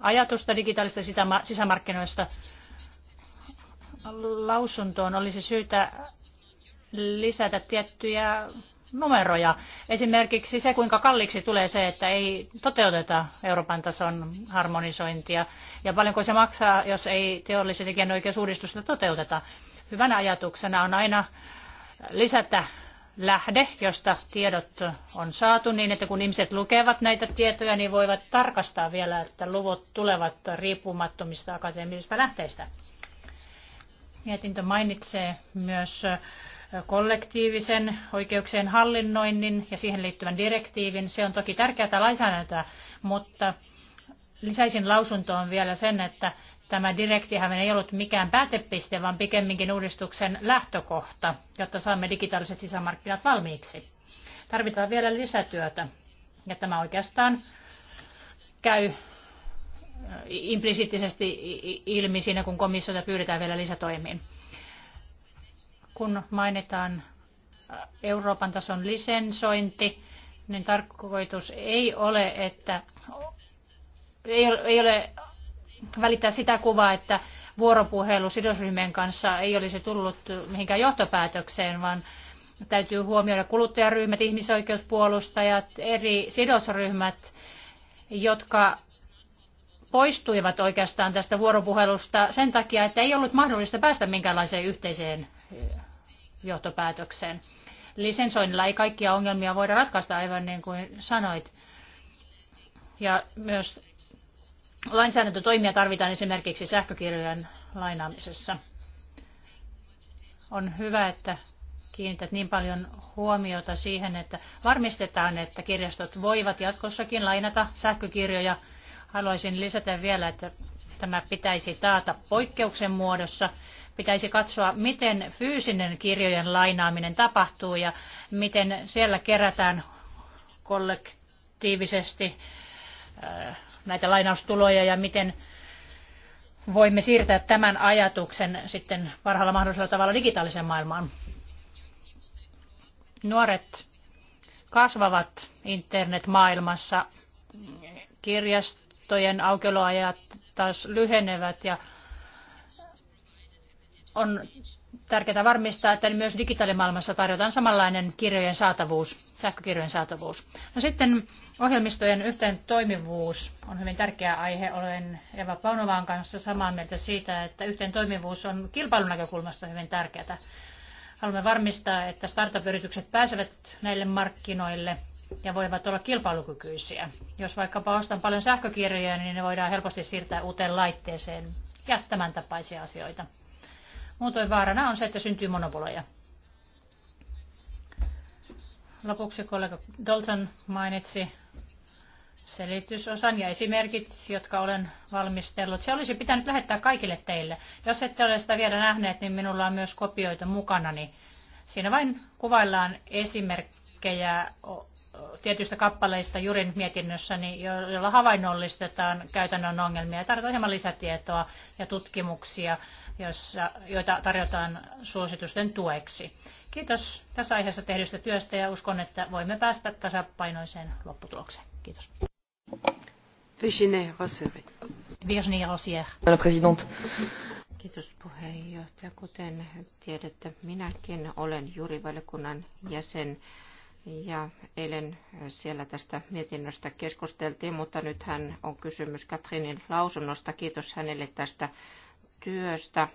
ajatusta digitaalista sisämarkkinoista. Lausuntoon olisi syytä lisätä tiettyjä numeroja. Esimerkiksi se, kuinka kalliiksi tulee se, että ei toteuteta Euroopan tason harmonisointia ja paljonko se maksaa, jos ei teollisen tekijänoikeusuudistusta toteuteta. Hyvänä ajatuksena on aina lisätä lähde, josta tiedot on saatu, niin että kun ihmiset lukevat näitä tietoja, niin voivat tarkastaa vielä, että luvut tulevat riippumattomista akateemisista lähteistä. Mietintö mainitsee myös kollektiivisen oikeuksien hallinnoinnin ja siihen liittyvän direktiivin. Se on toki tärkeää lainsäädäntöä, mutta lisäisin lausuntoon vielä sen, että tämä direktiihän ei ollut mikään päätepiste, vaan pikemminkin uudistuksen lähtökohta, jotta saamme digitaaliset sisämarkkinat valmiiksi. Tarvitaan vielä lisätyötä, ja tämä oikeastaan käy äh, implisiittisesti ilmi siinä, kun komissiota pyydetään vielä lisätoimiin kun mainitaan äh, Euroopan tason lisensointi, niin tarkoitus ei ole, että ei, ei ole välittää sitä kuvaa, että vuoropuhelu sidosryhmien kanssa ei olisi tullut mihinkään johtopäätökseen, vaan täytyy huomioida kuluttajaryhmät, ihmisoikeuspuolustajat, eri sidosryhmät, jotka poistuivat oikeastaan tästä vuoropuhelusta sen takia, että ei ollut mahdollista päästä minkäänlaiseen yhteiseen johtopäätökseen. Lisensoinnilla ei kaikkia ongelmia voida ratkaista, aivan niin kuin sanoit. Ja myös lainsäädäntötoimia tarvitaan esimerkiksi sähkökirjojen lainaamisessa. On hyvä, että kiinnität niin paljon huomiota siihen, että varmistetaan, että kirjastot voivat jatkossakin lainata sähkökirjoja. Haluaisin lisätä vielä, että tämä pitäisi taata poikkeuksen muodossa Pitäisi katsoa, miten fyysinen kirjojen lainaaminen tapahtuu ja miten siellä kerätään kollektiivisesti äh, näitä lainaustuloja ja miten voimme siirtää tämän ajatuksen sitten parhaalla mahdollisella tavalla digitaaliseen maailmaan. Nuoret kasvavat internetmaailmassa. Kirjastojen aukioloajat taas lyhenevät ja on tärkeää varmistaa, että myös digitaalimaailmassa tarjotaan samanlainen kirjojen saatavuus, sähkökirjojen saatavuus. No sitten ohjelmistojen yhteen toimivuus on hyvin tärkeä aihe. Olen Eva Paunovaan kanssa samaa mieltä siitä, että yhteen toimivuus on kilpailun näkökulmasta hyvin tärkeää. Haluamme varmistaa, että startup-yritykset pääsevät näille markkinoille ja voivat olla kilpailukykyisiä. Jos vaikkapa ostan paljon sähkökirjoja, niin ne voidaan helposti siirtää uuteen laitteeseen ja tämän tapaisia asioita. Muutoin vaarana on se, että syntyy monopoleja. Lopuksi kollega Dalton mainitsi selitysosan ja esimerkit, jotka olen valmistellut. Se olisi pitänyt lähettää kaikille teille. Jos ette ole sitä vielä nähneet, niin minulla on myös kopioita mukana. Siinä vain kuvaillaan esimerkkejä tietyistä kappaleista Jurin mietinnössäni, joilla havainnollistetaan käytännön ongelmia ja tarjotaan hieman lisätietoa ja tutkimuksia, joissa, joita tarjotaan suositusten tueksi. Kiitos tässä aiheessa tehdystä työstä ja uskon, että voimme päästä tasapainoiseen lopputulokseen. Kiitos. Virginie Rosière. Kiitos puheenjohtaja. Kuten tiedätte, minäkin olen juurivaliokunnan jäsen ja eilen siellä tästä mietinnöstä keskusteltiin, mutta nythän on kysymys Katrinin lausunnosta. Kiitos hänelle tästä työstä.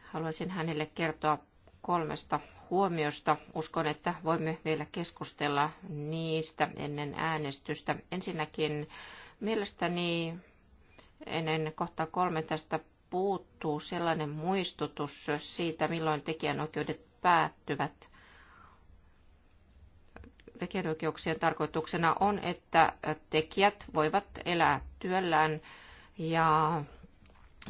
Haluaisin hänelle kertoa kolmesta huomiosta. Uskon, että voimme vielä keskustella niistä ennen äänestystä. Ensinnäkin mielestäni ennen kohtaa kolme tästä puuttuu sellainen muistutus siitä, milloin tekijänoikeudet päättyvät – tekijänoikeuksien tarkoituksena on, että tekijät voivat elää työllään ja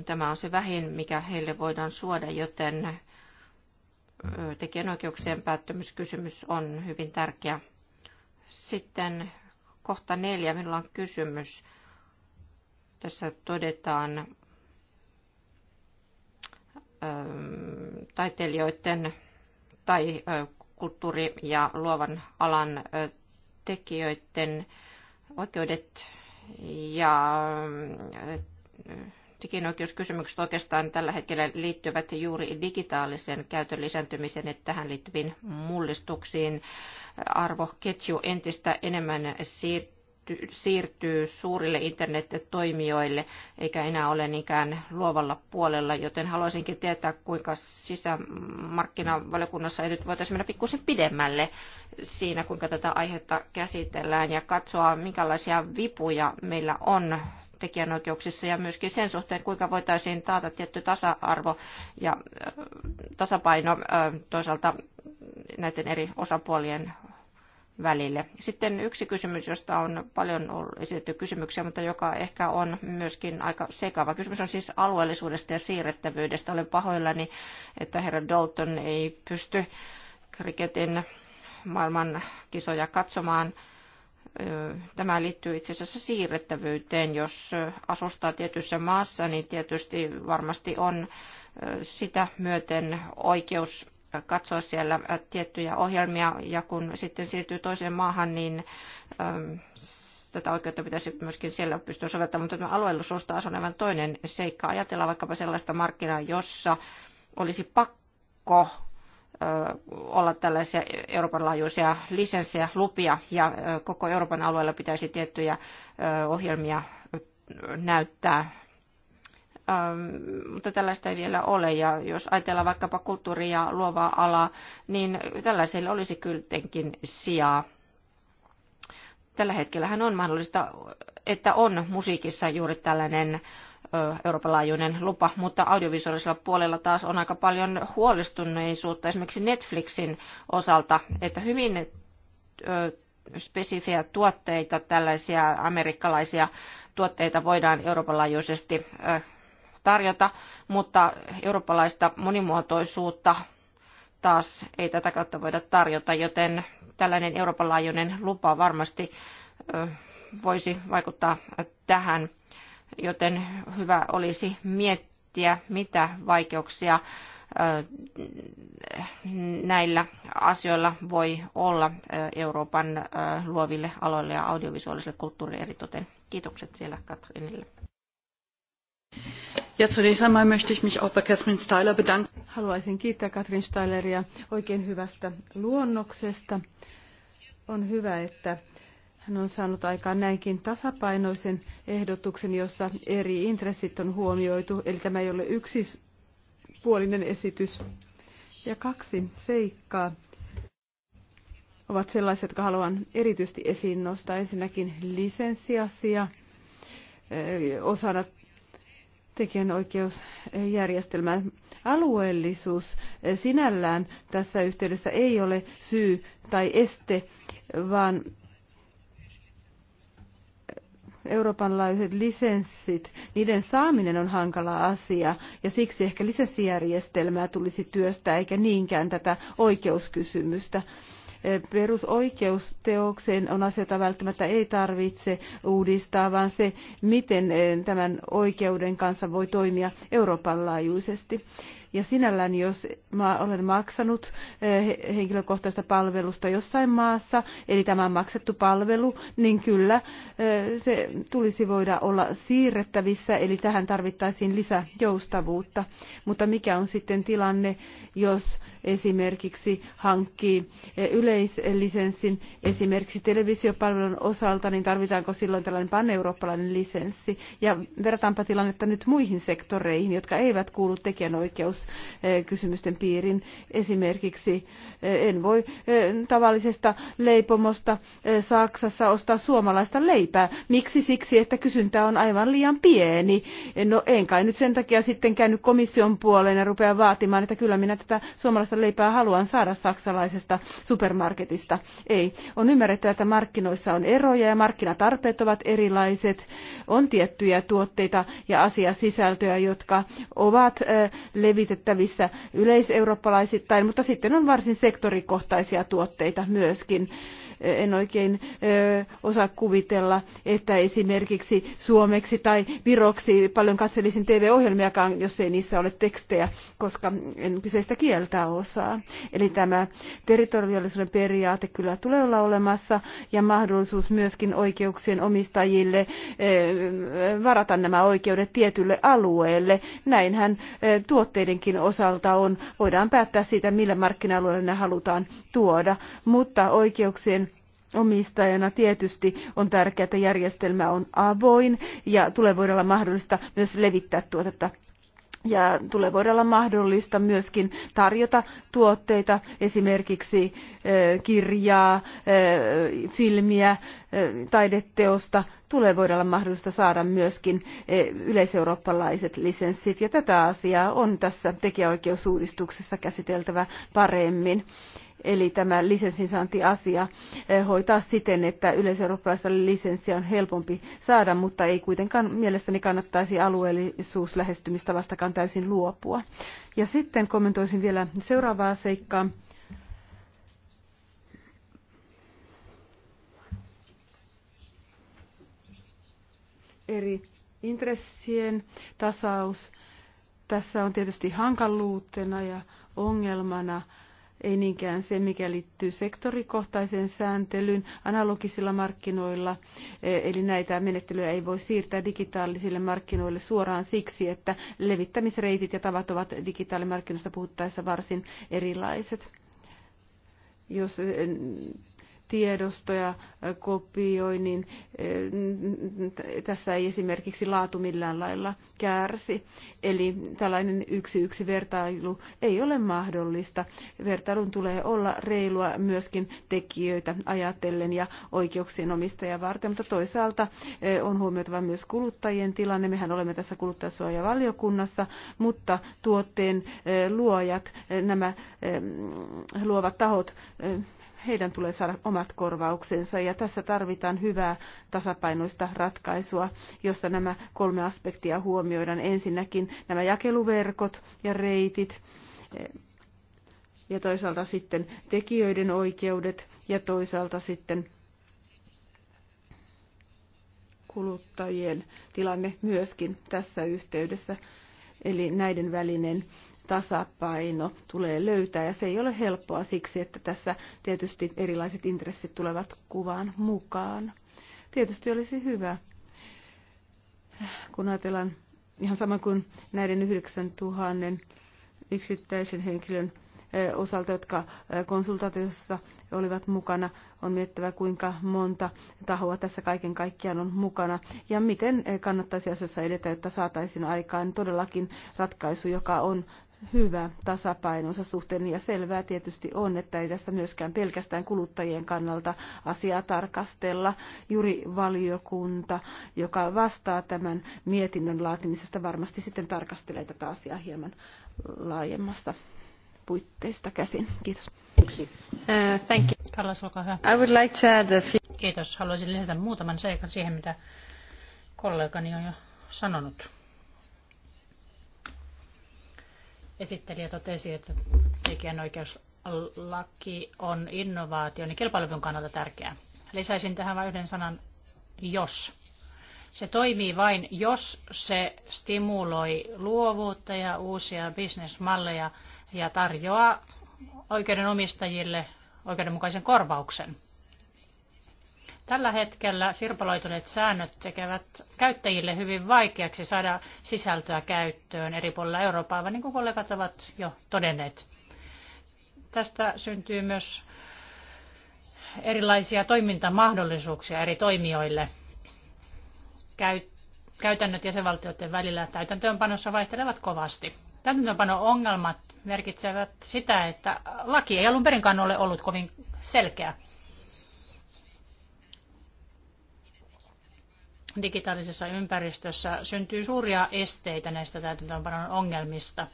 tämä on se vähin, mikä heille voidaan suoda, joten tekijänoikeuksien päättämyskysymys on hyvin tärkeä. Sitten kohta neljä, minulla on kysymys. Tässä todetaan taiteilijoiden tai kulttuuri- ja luovan alan tekijöiden oikeudet ja tekijänoikeuskysymykset oikeastaan tällä hetkellä liittyvät juuri digitaalisen käytön lisääntymiseen ja tähän liittyviin mullistuksiin. Arvoketju entistä enemmän siirtyy siirtyy suurille internettoimijoille, eikä enää ole niinkään luovalla puolella, joten haluaisinkin tietää, kuinka sisämarkkinavaliokunnassa ei nyt voitaisiin mennä pikkusen pidemmälle siinä, kuinka tätä aihetta käsitellään ja katsoa, minkälaisia vipuja meillä on tekijänoikeuksissa ja myöskin sen suhteen, kuinka voitaisiin taata tietty tasa-arvo ja tasapaino toisaalta näiden eri osapuolien välille. Sitten yksi kysymys, josta on paljon esitetty kysymyksiä, mutta joka ehkä on myöskin aika sekava. Kysymys on siis alueellisuudesta ja siirrettävyydestä. Olen pahoillani, että herra Dalton ei pysty kriketin maailman kisoja katsomaan. Tämä liittyy itse asiassa siirrettävyyteen. Jos asustaa tietyssä maassa, niin tietysti varmasti on sitä myöten oikeus katsoa siellä äh, tiettyjä ohjelmia ja kun sitten siirtyy toiseen maahan, niin ähm, tätä oikeutta pitäisi myöskin siellä pystyä soveltamaan, mutta tämä alueellisuus taas on aivan toinen seikka. Ajatellaan vaikkapa sellaista markkinaa, jossa olisi pakko äh, olla tällaisia Euroopan laajuisia lisenssejä, lupia ja äh, koko Euroopan alueella pitäisi tiettyjä ohjelmia näyttää Ähm, mutta tällaista ei vielä ole. Ja jos ajatellaan vaikkapa kulttuuria ja luovaa alaa, niin tällaiselle olisi kuitenkin sijaa tällä hetkellähän on mahdollista, että on musiikissa juuri tällainen Euroopan laajuinen lupa, mutta audiovisuaalisella puolella taas on aika paljon huolestuneisuutta esimerkiksi Netflixin osalta, että hyvin spesifiä tuotteita, tällaisia amerikkalaisia tuotteita voidaan Euroopan laajuisesti tarjota, mutta eurooppalaista monimuotoisuutta taas ei tätä kautta voida tarjota, joten tällainen Euroopan laajuinen lupa varmasti voisi vaikuttaa tähän, joten hyvä olisi miettiä, mitä vaikeuksia näillä asioilla voi olla Euroopan luoville aloille ja audiovisuaaliselle kulttuurille eritoten. Kiitokset vielä Katrinille. Ja zunächst einmal möchte ich mich auch bei Catherine steiler bedanken. Haluaisin kiittää Katrin Styleria oikein hyvästä luonnoksesta. On hyvä, että hän on saanut aikaan näinkin tasapainoisen ehdotuksen, jossa eri intressit on huomioitu, eli tämä ei ole yksipuolinen esitys. Ja kaksi seikkaa ovat sellaiset, jotka haluan erityisesti esiin nostaa. Ensinnäkin lisenssiasia osana tekijänoikeusjärjestelmään. Alueellisuus eh, sinällään tässä yhteydessä ei ole syy tai este, vaan eh, Euroopan laajuiset lisenssit, niiden saaminen on hankala asia ja siksi ehkä lisenssijärjestelmää tulisi työstää eikä niinkään tätä oikeuskysymystä perusoikeusteokseen on asioita välttämättä ei tarvitse uudistaa, vaan se, miten eh, tämän oikeuden kanssa voi toimia Euroopan laajuisesti. Ja sinällään, jos mä olen maksanut eh, henkilökohtaista palvelusta jossain maassa, eli tämä maksettu palvelu, niin kyllä eh, se tulisi voida olla siirrettävissä, eli tähän tarvittaisiin lisäjoustavuutta. Mutta mikä on sitten tilanne, jos esimerkiksi hankkii eh, yleislisenssin esimerkiksi televisiopalvelun osalta, niin tarvitaanko silloin tällainen paneurooppalainen lisenssi? Ja verrataanpa tilannetta nyt muihin sektoreihin, jotka eivät kuulu tekijänoikeus kysymysten piirin. Esimerkiksi eh, en voi eh, tavallisesta leipomosta eh, Saksassa ostaa suomalaista leipää. Miksi? Siksi, että kysyntä on aivan liian pieni. No en kai nyt sen takia sitten käynyt komission puoleen ja rupea vaatimaan, että kyllä minä tätä suomalaista leipää haluan saada saksalaisesta supermarketista. Ei. On ymmärrettävä, että markkinoissa on eroja ja markkinatarpeet ovat erilaiset. On tiettyjä tuotteita ja asiasisältöjä, jotka ovat levitetty järjestettävissä yleiseurooppalaisittain mutta sitten on varsin sektorikohtaisia tuotteita myöskin en oikein osaa kuvitella, että esimerkiksi suomeksi tai viroksi paljon katselisin TV-ohjelmiakaan, jos ei niissä ole tekstejä, koska en kyseistä kieltä osaa. Eli tämä territoriaalisuuden periaate kyllä tulee olla olemassa ja mahdollisuus myöskin oikeuksien omistajille varata nämä oikeudet tietylle alueelle. Näinhän tuotteidenkin osalta on, voidaan päättää siitä, millä markkina-alueelle ne halutaan tuoda, mutta oikeuksien omistajana tietysti on tärkeää, että järjestelmä on avoin ja tulee voida olla mahdollista myös levittää tuotetta ja tulee voida olla mahdollista myöskin tarjota tuotteita, esimerkiksi eh, kirjaa, eh, filmiä, eh, taideteosta. Tulee voida olla mahdollista saada myöskin yleiseurooppalaiset lisenssit ja tätä asiaa on tässä tekijäoikeusuudistuksessa käsiteltävä paremmin eli tämä lisenssinsaantiasia eh, hoitaa siten, että yleiseurooppalaista lisenssiä on helpompi saada, mutta ei kuitenkaan mielestäni kannattaisi alueellisuuslähestymistä vastakaan täysin luopua. Ja sitten kommentoisin vielä seuraavaa seikkaa. Eri intressien tasaus. Tässä on tietysti hankaluutena ja ongelmana ei niinkään se, mikä liittyy sektorikohtaiseen sääntelyyn analogisilla markkinoilla. E, eli näitä menettelyjä ei voi siirtää digitaalisille markkinoille suoraan siksi, että levittämisreitit ja tavat ovat digitaalimarkkinoista puhuttaessa varsin erilaiset. Jos e, tiedostoja kopioinnin. Tässä ei esimerkiksi laatu millään lailla kärsi. Eli tällainen yksi yksi vertailu ei ole mahdollista. Vertailun tulee olla reilua myöskin tekijöitä ajatellen ja oikeuksien omistajia varten, mutta toisaalta on huomioitava myös kuluttajien tilanne. Mehän olemme tässä kuluttajasuojavaliokunnassa, mutta tuotteen luojat, nämä luovat tahot, heidän tulee saada omat korvauksensa ja tässä tarvitaan hyvää tasapainoista ratkaisua, jossa nämä kolme aspektia huomioidaan. Ensinnäkin nämä jakeluverkot ja reitit ja toisaalta sitten tekijöiden oikeudet ja toisaalta sitten kuluttajien tilanne myöskin tässä yhteydessä. Eli näiden välinen tasapaino tulee löytää ja se ei ole helppoa siksi, että tässä tietysti erilaiset intressit tulevat kuvaan mukaan. Tietysti olisi hyvä, kun ajatellaan ihan sama kuin näiden 9000 yksittäisen henkilön osalta, jotka konsultaatiossa olivat mukana, on miettävä kuinka monta tahoa tässä kaiken kaikkiaan on mukana ja miten kannattaisi asiassa edetä, jotta saataisiin aikaan todellakin ratkaisu, joka on hyvä tasapainonsa suhteen ja selvää tietysti on, että ei tässä myöskään pelkästään kuluttajien kannalta asiaa tarkastella. Juri valiokunta, joka vastaa tämän mietinnön laatimisesta, varmasti sitten tarkastelee tätä asiaa hieman laajemmasta puitteista käsin. Kiitos. Uh, thank you. I would like to add a few... Kiitos. Haluaisin lisätä muutaman seikan siihen, mitä kollegani on jo sanonut Esittelijä totesi, että tekijänoikeuslaki on innovaation niin ja kilpailukyvyn kannalta tärkeää. Lisäisin tähän vain yhden sanan jos. Se toimii vain, jos se stimuloi luovuutta ja uusia bisnesmalleja ja tarjoaa oikeudenomistajille oikeudenmukaisen korvauksen. Tällä hetkellä sirpaloituneet säännöt tekevät käyttäjille hyvin vaikeaksi saada sisältöä käyttöön eri puolilla Eurooppaa, vaan niin kuin kollegat ovat jo todenneet. Tästä syntyy myös erilaisia toimintamahdollisuuksia eri toimijoille. Käytännöt jäsenvaltioiden välillä täytäntöönpanossa vaihtelevat kovasti. Täytäntöönpano-ongelmat merkitsevät sitä, että laki ei alun perinkaan ole ollut kovin selkeä. digitaalisessa ympäristössä syntyy suuria esteitä näistä täytäntöönpanon ongelmista.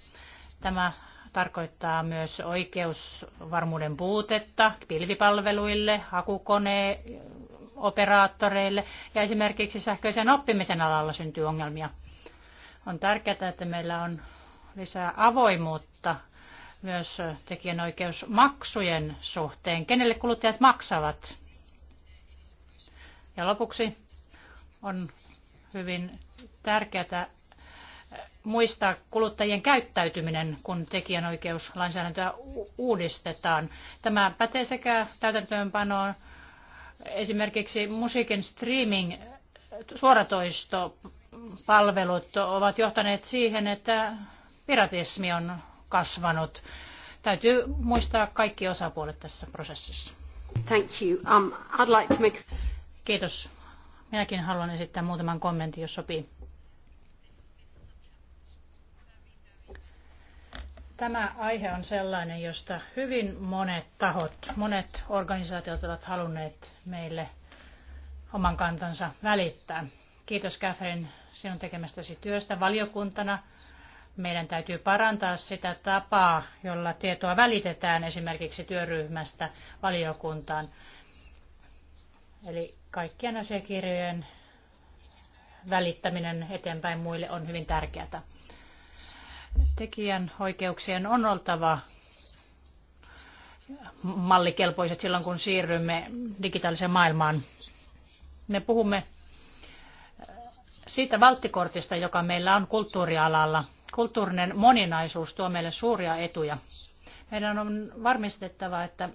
Tämä tarkoittaa myös oikeusvarmuuden puutetta pilvipalveluille, hakukoneoperaattoreille ja esimerkiksi sähköisen oppimisen alalla syntyy ongelmia. On tärkeää, että meillä on lisää avoimuutta myös tekijänoikeusmaksujen suhteen. Kenelle kuluttajat maksavat? Ja lopuksi on hyvin tärkeää äh, muistaa kuluttajien käyttäytyminen, kun tekijänoikeuslainsäädäntöä uudistetaan. Tämä pätee sekä täytäntöönpanoon esimerkiksi musiikin streaming suoratoistopalvelut ovat johtaneet siihen, että piratismi on kasvanut. Täytyy muistaa kaikki osapuolet tässä prosessissa. Thank you. Um, I'd like to make... Kiitos. Minäkin haluan esittää muutaman kommentin, jos sopii. Tämä aihe on sellainen, josta hyvin monet tahot, monet organisaatiot ovat halunneet meille oman kantansa välittää. Kiitos Catherine sinun tekemästäsi työstä valiokuntana. Meidän täytyy parantaa sitä tapaa, jolla tietoa välitetään esimerkiksi työryhmästä valiokuntaan. Eli kaikkien asiakirjojen välittäminen eteenpäin muille on hyvin tärkeää. Tekijän oikeuksien on oltava mallikelpoiset silloin, kun siirrymme digitaaliseen maailmaan. Me puhumme siitä valttikortista, joka meillä on kulttuurialalla. Kulttuurinen moninaisuus tuo meille suuria etuja. Meidän on varmistettava, että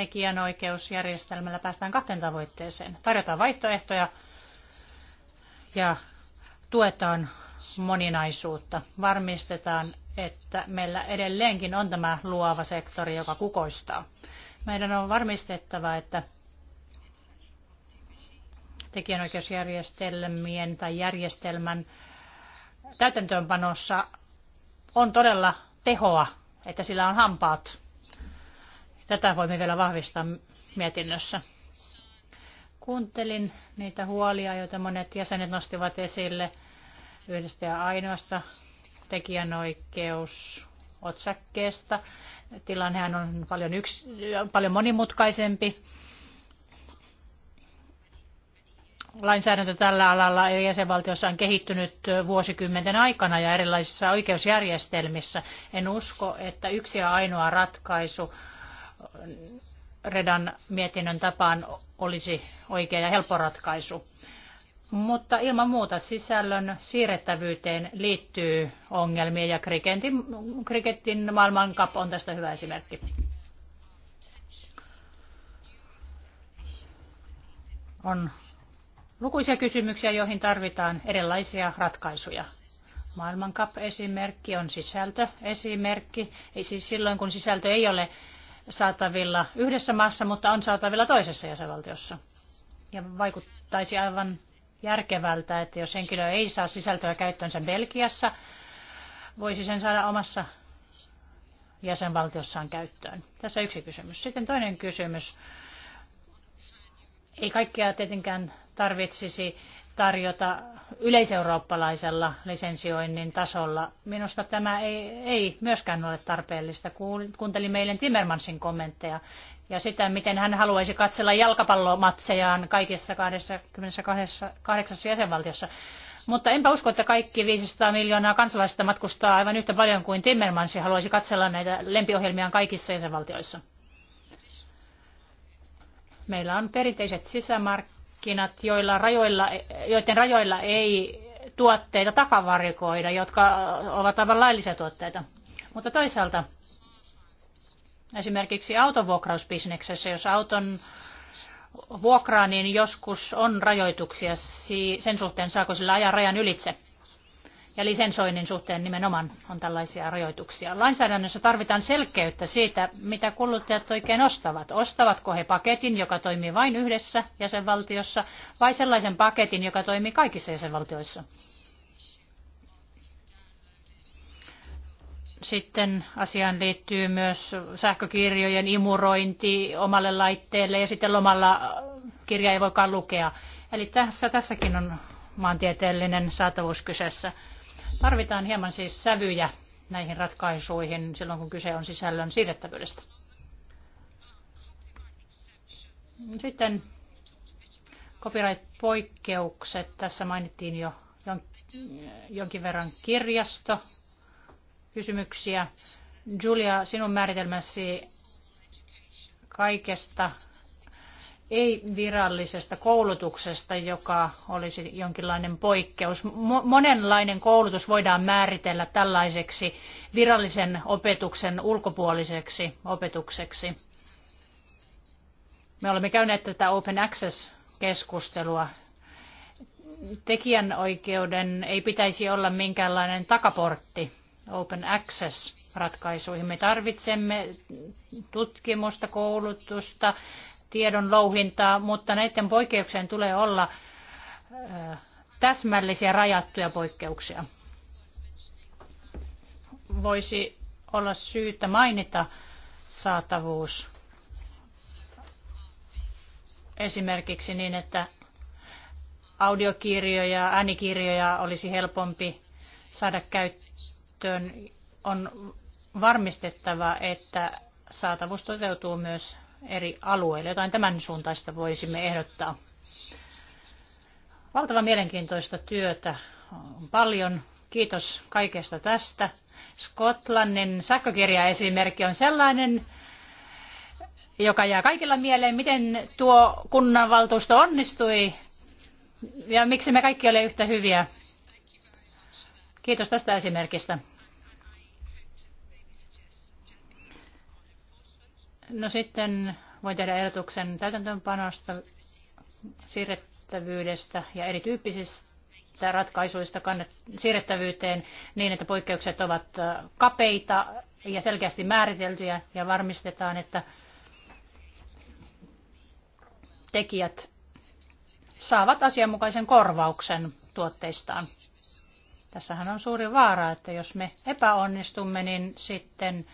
tekijänoikeusjärjestelmällä päästään kahteen tavoitteeseen. Tarjotaan vaihtoehtoja ja tuetaan moninaisuutta. Varmistetaan, että meillä edelleenkin on tämä luova sektori, joka kukoistaa. Meidän on varmistettava, että tekijänoikeusjärjestelmien tai järjestelmän täytäntöönpanossa on todella tehoa, että sillä on hampaat Tätä voimme vielä vahvistaa mietinnössä. Kuuntelin niitä huolia, joita monet jäsenet nostivat esille yhdestä ja ainoasta tekijänoikeusotsakkeesta. Tilannehän on paljon, yks, paljon monimutkaisempi. Lainsäädäntö tällä alalla eri jäsenvaltioissa on kehittynyt vuosikymmenten aikana ja erilaisissa oikeusjärjestelmissä. En usko, että yksi ja ainoa ratkaisu Redan mietinnön tapaan olisi oikea ja helppo ratkaisu. Mutta ilman muuta sisällön siirrettävyyteen liittyy ongelmia ja krikettin kriketin maailmankap on tästä hyvä esimerkki. On lukuisia kysymyksiä, joihin tarvitaan erilaisia ratkaisuja. Maailmankap-esimerkki on sisältöesimerkki, siis silloin kun sisältö ei ole saatavilla yhdessä maassa, mutta on saatavilla toisessa jäsenvaltiossa. Ja vaikuttaisi aivan järkevältä, että jos henkilö ei saa sisältöä käyttöönsä Belgiassa, voisi sen saada omassa jäsenvaltiossaan käyttöön. Tässä yksi kysymys. Sitten toinen kysymys. Ei kaikkea tietenkään tarvitsisi tarjota yleiseurooppalaisella lisensioinnin tasolla. Minusta tämä ei, ei myöskään ole tarpeellista. Kuuntelin meille Timmermansin kommentteja ja sitä, miten hän haluaisi katsella jalkapallomatsejaan kaikissa 28 jäsenvaltiossa. Mutta enpä usko, että kaikki 500 miljoonaa kansalaista matkustaa aivan yhtä paljon kuin Timmermans haluaisi katsella näitä lempiohjelmiaan kaikissa jäsenvaltioissa. Meillä on perinteiset sisämarkkinat markkinat, joilla rajoilla, joiden rajoilla ei tuotteita takavarikoida, jotka ovat aivan laillisia tuotteita. Mutta toisaalta esimerkiksi autovuokrausbisneksessä, jos auton vuokraa, niin joskus on rajoituksia sen suhteen, saako sillä ajan rajan ylitse ja lisensoinnin suhteen nimenomaan on tällaisia rajoituksia. Lainsäädännössä tarvitaan selkeyttä siitä, mitä kuluttajat oikein ostavat. Ostavatko he paketin, joka toimii vain yhdessä jäsenvaltiossa, vai sellaisen paketin, joka toimii kaikissa jäsenvaltioissa? Sitten asiaan liittyy myös sähkökirjojen imurointi omalle laitteelle ja sitten lomalla kirja ei voikaan lukea. Eli tässä, tässäkin on maantieteellinen saatavuus kyseessä. Tarvitaan hieman siis sävyjä näihin ratkaisuihin silloin, kun kyse on sisällön siirrettävyydestä. Sitten copyright-poikkeukset. Tässä mainittiin jo jonkin verran kirjasto kysymyksiä. Julia, sinun määritelmäsi kaikesta ei-virallisesta koulutuksesta, joka olisi jonkinlainen poikkeus. Monenlainen koulutus voidaan määritellä tällaiseksi virallisen opetuksen ulkopuoliseksi opetukseksi. Me olemme käyneet tätä Open Access-keskustelua. Tekijänoikeuden ei pitäisi olla minkäänlainen takaportti Open Access-ratkaisuihin. Me tarvitsemme tutkimusta, koulutusta, tiedon louhintaa, mutta näiden poikkeuksien tulee olla täsmällisiä rajattuja poikkeuksia. Voisi olla syytä mainita saatavuus esimerkiksi niin, että audiokirjoja, äänikirjoja olisi helpompi saada käyttöön. On varmistettava, että saatavuus toteutuu myös eri alueille. Jotain tämän suuntaista voisimme ehdottaa. Valtava mielenkiintoista työtä on paljon. Kiitos kaikesta tästä. Skotlannin sähkökirjaesimerkki on sellainen, joka jää kaikilla mieleen, miten tuo kunnanvaltuusto onnistui ja miksi me kaikki olemme yhtä hyviä. Kiitos tästä esimerkistä. No sitten voin tehdä ehdotuksen täytäntöönpanosta, siirrettävyydestä ja erityyppisistä ratkaisuista siirrettävyyteen niin, että poikkeukset ovat äh, kapeita ja selkeästi määriteltyjä ja varmistetaan, että tekijät saavat asianmukaisen korvauksen tuotteistaan. Tässähän on suuri vaara, että jos me epäonnistumme, niin sitten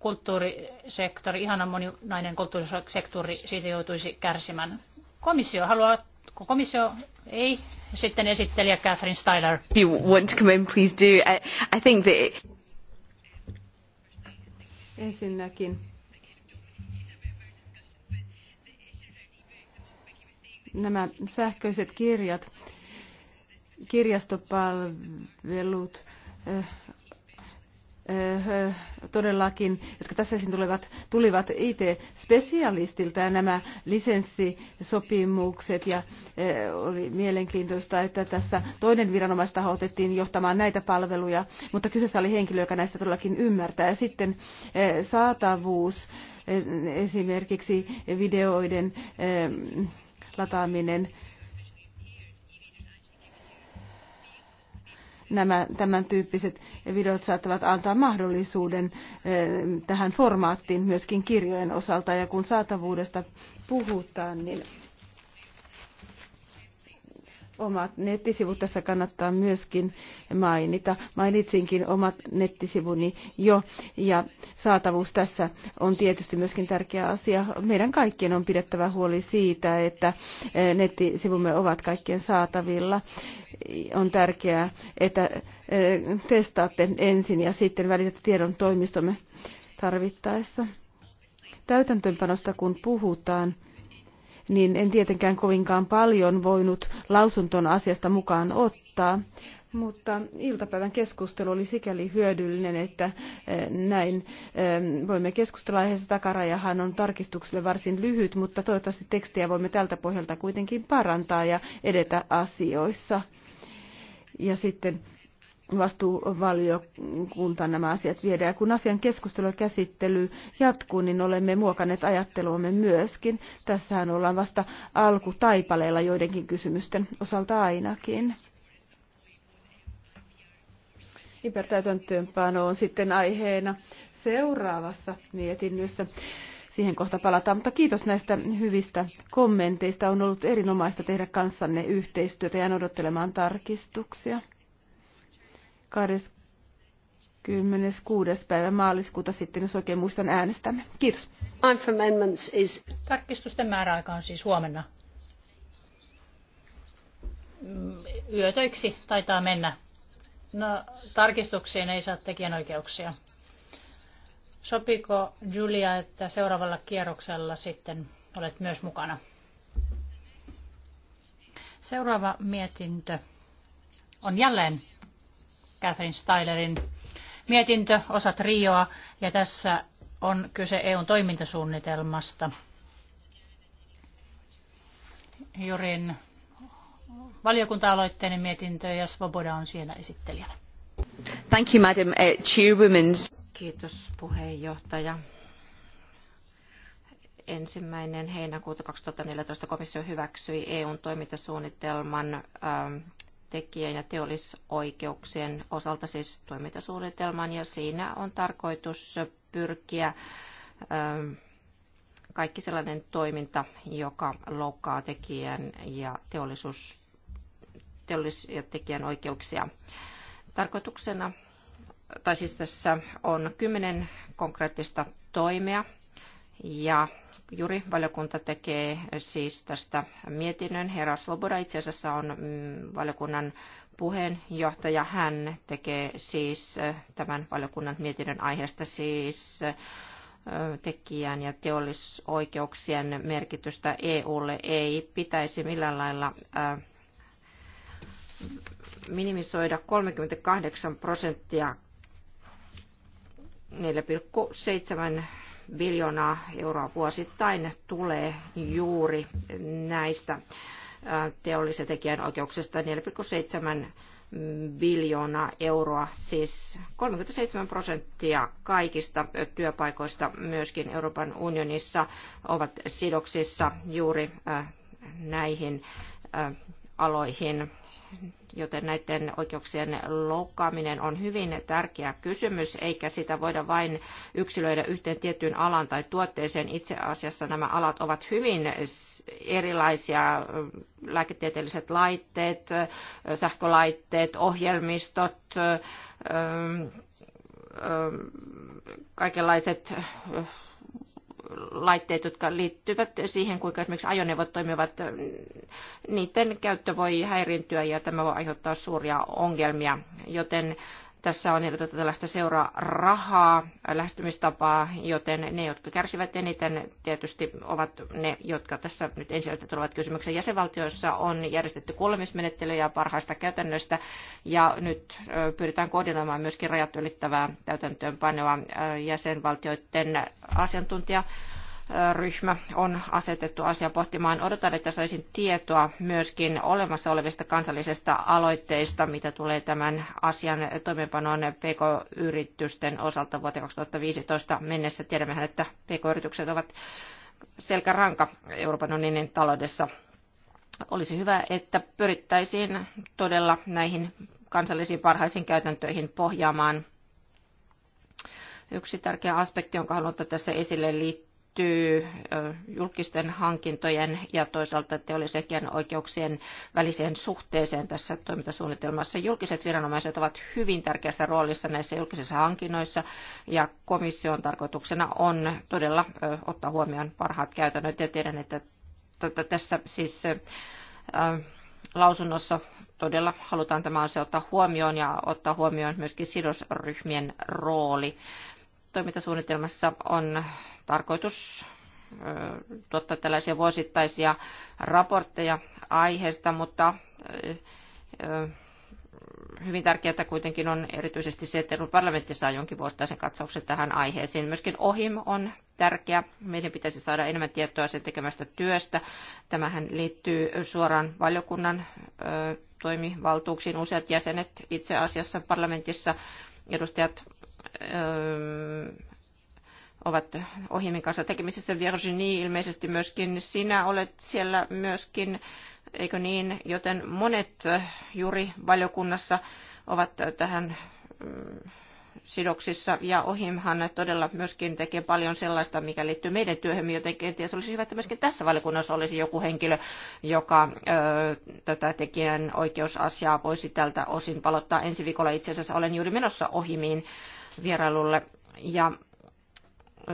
kulttuurisektori, ihana moninainen kulttuurisektori siitä joutuisi kärsimään. Komissio haluaa, kun komissio ei, sitten esittelijä Catherine Styler. If you want to come in, please do. I, I think that... Ensinnäkin nämä sähköiset kirjat, kirjastopalvelut eh, todellakin, jotka tässä esiin tulevat, tulivat IT-spesialistilta ja nämä lisenssisopimukset ja oli mielenkiintoista, että tässä toinen viranomaistaho otettiin johtamaan näitä palveluja, mutta kyseessä oli henkilö, joka näistä todellakin ymmärtää. Ja sitten saatavuus, esimerkiksi videoiden lataaminen, nämä tämän tyyppiset videot saattavat antaa mahdollisuuden eh, tähän formaattiin myöskin kirjojen osalta. Ja kun saatavuudesta puhutaan, niin omat nettisivut tässä kannattaa myöskin mainita. Mainitsinkin omat nettisivuni jo ja saatavuus tässä on tietysti myöskin tärkeä asia. Meidän kaikkien on pidettävä huoli siitä, että eh, nettisivumme ovat kaikkien saatavilla. On tärkeää, että eh, testaatte ensin ja sitten välitätte tiedon toimistomme tarvittaessa. Täytäntöönpanosta kun puhutaan, niin en tietenkään kovinkaan paljon voinut lausunton asiasta mukaan ottaa. Mutta iltapäivän keskustelu oli sikäli hyödyllinen, että eh, näin eh, voimme keskustella aiheesta. Takarajahan on tarkistukselle varsin lyhyt, mutta toivottavasti tekstiä voimme tältä pohjalta kuitenkin parantaa ja edetä asioissa. Ja sitten vastuuvaliokunta nämä asiat viedä. Ja kun asian keskustelu ja käsittely jatkuu, niin olemme muokanneet ajatteluamme myöskin. Tässähän ollaan vasta alkutaipaleilla joidenkin kysymysten osalta ainakin. Hypertäytäntöönpano on sitten aiheena seuraavassa mietinnössä. Siihen kohta palataan, mutta kiitos näistä hyvistä kommenteista. On ollut erinomaista tehdä kanssanne yhteistyötä ja odottelemaan tarkistuksia. 26. päivä maaliskuuta sitten, jos oikein muistan, äänestämme. Kiitos. Is... Tarkistusten määräaika on siis huomenna. Mm, yötöiksi taitaa mennä. No, tarkistuksiin ei saa tekijänoikeuksia. Sopiko Julia, että seuraavalla kierroksella sitten olet myös mukana? Seuraava mietintö on jälleen Catherine Steilerin mietintö, osa trioa, ja tässä on kyse EUn toimintasuunnitelmasta. Jurin valiokunta-aloitteinen mietintö ja Svoboda on siellä esittelijänä. Thank you, Madam uh, Chairwoman. Kiitos puheenjohtaja. Ensimmäinen heinäkuuta 2014 komissio hyväksyi EUn toimintasuunnitelman ähm, tekijä- ja teollisoikeuksien osalta siis toimintasuunnitelman ja siinä on tarkoitus pyrkiä ähm, kaikki sellainen toiminta, joka loukkaa tekijän ja teollisuus, teollis- ja tekijän oikeuksia. Tarkoituksena, tai siis tässä on kymmenen konkreettista toimea ja Juri, valiokunta tekee siis tästä mietinnön. Herra Svoboda itse asiassa on mm, valiokunnan puheenjohtaja. Hän tekee siis tämän valiokunnan mietinnön aiheesta siis tekijän ja teollisoikeuksien merkitystä EUlle ei pitäisi millään lailla minimisoida 38 prosenttia biljoonaa euroa vuosittain tulee juuri näistä teollisen ja tekijänoikeuksista 4,7 biljoonaa euroa, siis 37 prosenttia kaikista työpaikoista myöskin Euroopan unionissa ovat sidoksissa juuri näihin aloihin joten näiden oikeuksien loukkaaminen on hyvin tärkeä kysymys, eikä sitä voida vain yksilöidä yhteen tiettyyn alaan tai tuotteeseen. Itse asiassa nämä alat ovat hyvin erilaisia, lääketieteelliset laitteet, sähkölaitteet, ohjelmistot, ähm, ähm, kaikenlaiset äh, laitteet, jotka liittyvät siihen, kuinka esimerkiksi ajoneuvot toimivat, niiden käyttö voi häirintyä ja tämä voi aiheuttaa suuria ongelmia, joten tässä on ehdotettu tällaista seuraa rahaa lähestymistapaa, joten ne, jotka kärsivät eniten, tietysti ovat ne, jotka tässä nyt ensimmäisenä tulevat kysymyksen. Jäsenvaltioissa on järjestetty kuulemismenettelyjä parhaista käytännöistä ja nyt pyritään koordinoimaan myöskin rajat ylittävää täytäntöönpanoa jäsenvaltioiden asiantuntija ryhmä on asetettu asia pohtimaan. Odotan, että saisin tietoa myöskin olemassa olevista kansallisista aloitteista, mitä tulee tämän asian toimeenpanoon PK-yritysten osalta vuoteen 2015 mennessä. Tiedämmehän, että PK-yritykset ovat selkäranka Euroopan unionin taloudessa. Olisi hyvä, että pyrittäisiin todella näihin kansallisiin parhaisiin käytäntöihin pohjaamaan. Yksi tärkeä aspekti, jonka haluan tässä esille liittyy liittyy julkisten hankintojen ja toisaalta teollisen oikeuksien väliseen suhteeseen tässä toimintasuunnitelmassa. Julkiset viranomaiset ovat hyvin tärkeässä roolissa näissä julkisissa hankinnoissa ja komission tarkoituksena on todella ottaa huomioon parhaat käytännöt ja tiedän, että tässä siis lausunnossa todella halutaan tämä asia ottaa huomioon ja ottaa huomioon myöskin sidosryhmien rooli toimintasuunnitelmassa on tarkoitus tuottaa tällaisia vuosittaisia raportteja aiheesta, mutta hyvin tärkeää kuitenkin on erityisesti se, että Euroopan parlamentti saa jonkin vuosittaisen katsauksen tähän aiheeseen. Myöskin OHIM on tärkeä. Meidän pitäisi saada enemmän tietoa sen tekemästä työstä. Tämähän liittyy suoraan valiokunnan toimivaltuuksiin. Useat jäsenet itse asiassa parlamentissa edustajat ovat ohjelmin kanssa tekemisissä. Virginie, ilmeisesti myöskin sinä olet siellä myöskin, eikö niin? Joten monet juuri valiokunnassa ovat tähän mm, sidoksissa ja Ohimhan todella myöskin tekee paljon sellaista, mikä liittyy meidän työhömme, joten kenties olisi hyvä, että myöskin tässä valiokunnassa olisi joku henkilö, joka ö, tätä tekijän oikeusasiaa voisi tältä osin palottaa ensi viikolla. Itse asiassa olen juuri menossa Ohimiin vierailulle ja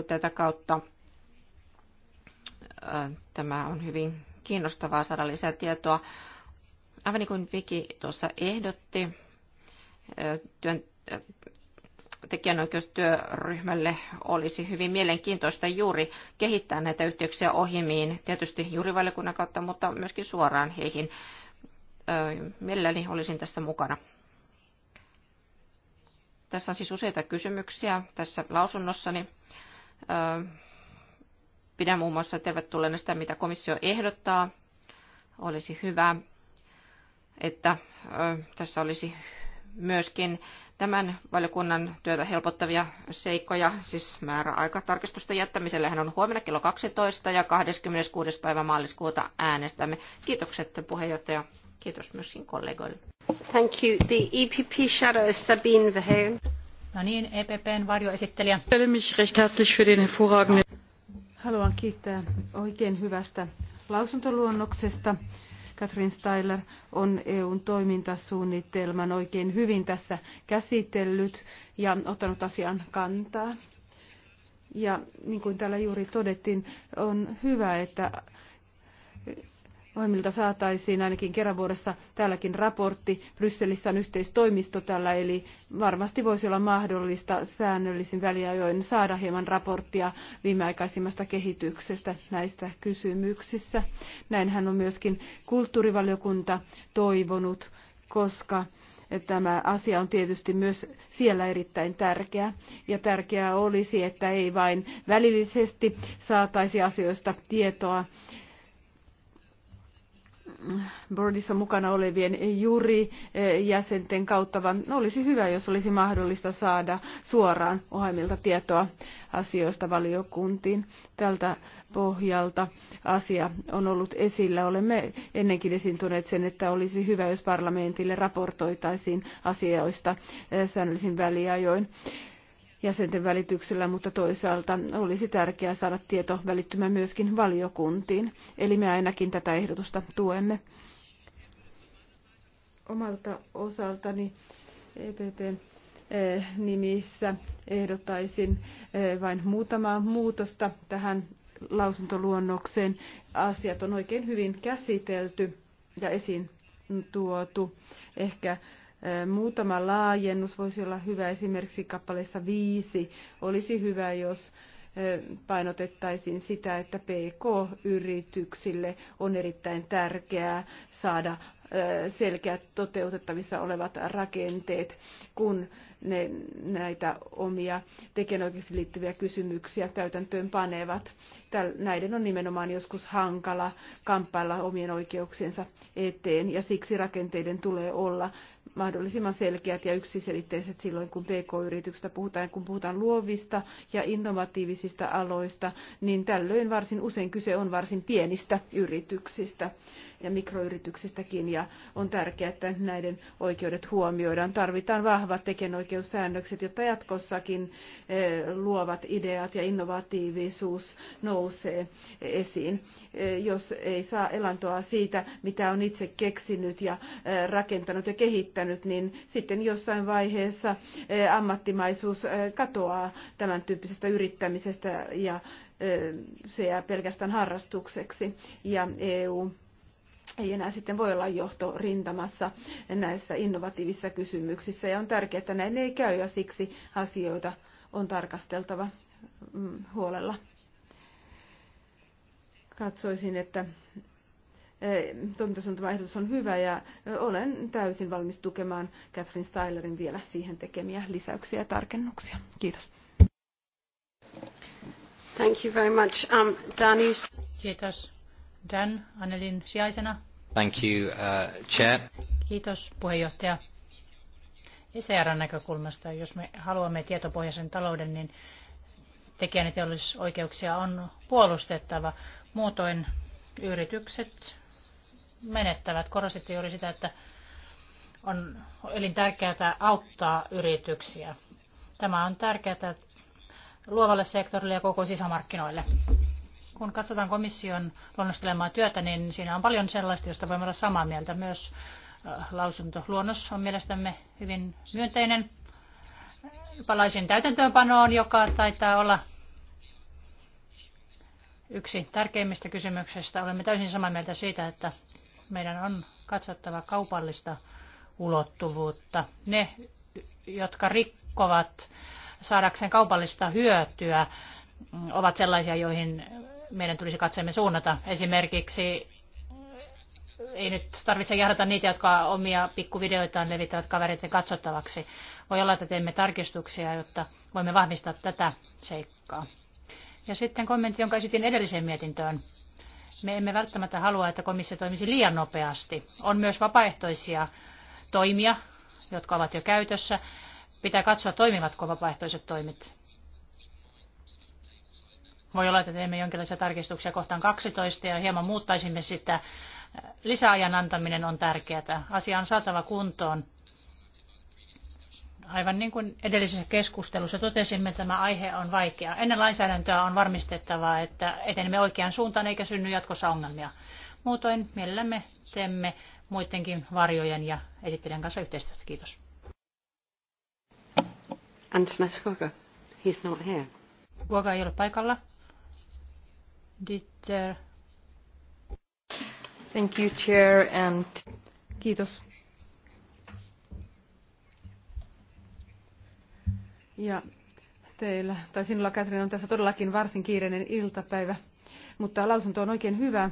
tätä kautta tämä on hyvin kiinnostavaa saada lisää tietoa. Aivan niin kuin Viki tuossa ehdotti, työn, tekijänoikeustyöryhmälle olisi hyvin mielenkiintoista juuri kehittää näitä yhteyksiä ohjelmiin, tietysti juuri valiokunnan kautta, mutta myöskin suoraan heihin. Mielelläni olisin tässä mukana. Tässä on siis useita kysymyksiä tässä lausunnossani. Pidän muun muassa tervetulleena sitä, mitä komissio ehdottaa. Olisi hyvä, että tässä olisi myöskin tämän valiokunnan työtä helpottavia seikkoja, siis määräaika jättämiselle. Hän on huomenna kello 12 ja 26. päivä maaliskuuta äänestämme. Kiitokset puheenjohtaja Kiitos myöskin kollegoille. Thank you. The EPP shadow is Sabine Verheyen. No niin, EPPn varjoesittelijä. Haluan kiittää oikein hyvästä lausuntoluonnoksesta. Katrin Steiler on EUn toimintasuunnitelman oikein hyvin tässä käsitellyt ja ottanut asian kantaa. Ja niin kuin täällä juuri todettiin, on hyvä, että ohjelmilta saataisiin ainakin kerran vuodessa täälläkin raportti. Brysselissä on yhteistoimisto tällä, eli varmasti voisi olla mahdollista säännöllisin väliajoin saada hieman raporttia viimeaikaisimmasta kehityksestä näistä kysymyksissä. Näinhän on myöskin kulttuurivaliokunta toivonut, koska tämä asia on tietysti myös siellä erittäin tärkeä. Ja tärkeää olisi, että ei vain välillisesti saataisi asioista tietoa boardissa mukana olevien juuri eh, jäsenten kautta, vaan olisi hyvä, jos olisi mahdollista saada suoraan ohjelmilta tietoa asioista valiokuntiin. Tältä pohjalta asia on ollut esillä. Olemme ennenkin esiintyneet sen, että olisi hyvä, jos parlamentille raportoitaisiin asioista eh, säännöllisin väliajoin jäsenten välityksellä, mutta toisaalta olisi tärkeää saada tieto välittymään myöskin valiokuntiin. Eli me ainakin tätä ehdotusta tuemme. Omalta osaltani EPP eh, nimissä ehdottaisin eh, vain muutamaa muutosta tähän lausuntoluonnokseen. Asiat on oikein hyvin käsitelty ja esiin tuotu. Ehkä Muutama laajennus voisi olla hyvä, esimerkiksi kappaleessa viisi olisi hyvä, jos painotettaisiin sitä, että PK-yrityksille on erittäin tärkeää saada selkeät toteutettavissa olevat rakenteet, kun ne näitä omia tekijänoikeuksiin liittyviä kysymyksiä täytäntöön panevat. Näiden on nimenomaan joskus hankala kamppailla omien oikeuksiensa eteen ja siksi rakenteiden tulee olla mahdollisimman selkeät ja yksiselitteiset silloin, kun PK-yrityksistä puhutaan. Kun puhutaan luovista ja innovatiivisista aloista, niin tällöin varsin usein kyse on varsin pienistä yrityksistä ja mikroyrityksistäkin, ja on tärkeää, että näiden oikeudet huomioidaan. Tarvitaan vahva tekijänoikeudet tekijänoikeussäännökset, jotta jatkossakin eh, luovat ideat ja innovatiivisuus nousee esiin. Eh, jos ei saa elantoa siitä, mitä on itse keksinyt ja eh, rakentanut ja kehittänyt, niin sitten jossain vaiheessa ammattimaisuus katoaa tämän tyyppisestä yrittämisestä ja se jää pelkästään harrastukseksi. Ja EU ei enää sitten voi olla johto rintamassa näissä innovatiivisissa kysymyksissä. Ja on tärkeää, että näin ei käy ja siksi asioita on tarkasteltava mm, huolella. Katsoisin, että e, toimintasuunnitelman ehdotus on hyvä ja olen täysin valmis tukemaan Catherine Stylerin vielä siihen tekemiä lisäyksiä ja tarkennuksia. Kiitos. Thank you very much. Um, Danus. Kiitos. Dan, Annelin sijaisena. Thank you, uh, chair. Kiitos puheenjohtaja. ICRn e näkökulmasta, jos me haluamme tietopohjaisen talouden, niin tekijän oikeuksia on puolustettava. Muutoin yritykset menettävät. Korostitte juuri sitä, että on elintärkeää auttaa yrityksiä. Tämä on tärkeää luovalle sektorille ja koko sisämarkkinoille kun katsotaan komission luonnostelemaa työtä, niin siinä on paljon sellaista, josta voimme olla samaa mieltä. Myös äh, lausuntoluonnos on mielestämme hyvin myönteinen. Palaisin täytäntöönpanoon, joka taitaa olla yksi tärkeimmistä kysymyksistä. Olemme täysin samaa mieltä siitä, että meidän on katsottava kaupallista ulottuvuutta. Ne, jotka rikkovat saadakseen kaupallista hyötyä, ovat sellaisia, joihin meidän tulisi katseemme suunnata. Esimerkiksi ei nyt tarvitse jahdata niitä, jotka omia pikkuvideoitaan levittävät kavereiden katsottavaksi. Voi olla, että teemme tarkistuksia, jotta voimme vahvistaa tätä seikkaa. Ja sitten kommentti, jonka esitin edelliseen mietintöön. Me emme välttämättä halua, että komissio toimisi liian nopeasti. On myös vapaaehtoisia toimia, jotka ovat jo käytössä. Pitää katsoa, toimivatko vapaaehtoiset toimit. Voi olla, että teemme jonkinlaisia tarkistuksia kohtaan 12 ja hieman muuttaisimme sitä. Lisäajan antaminen on tärkeää. Asia on saatava kuntoon. Aivan niin kuin edellisessä keskustelussa totesimme, tämä aihe on vaikea. Ennen lainsäädäntöä on varmistettava, että etenemme oikeaan suuntaan eikä synny jatkossa ongelmia. Muutoin mielellämme teemme muidenkin varjojen ja esittelijän kanssa yhteistyötä. Kiitos. Antonescu, he's not here. Guoga ei ole paikalla. Ditter. Thank you, Chair, and... Kiitos. Ja teillä, tai sinulla Katrin on tässä todellakin varsin kiireinen iltapäivä, mutta lausunto on oikein hyvä.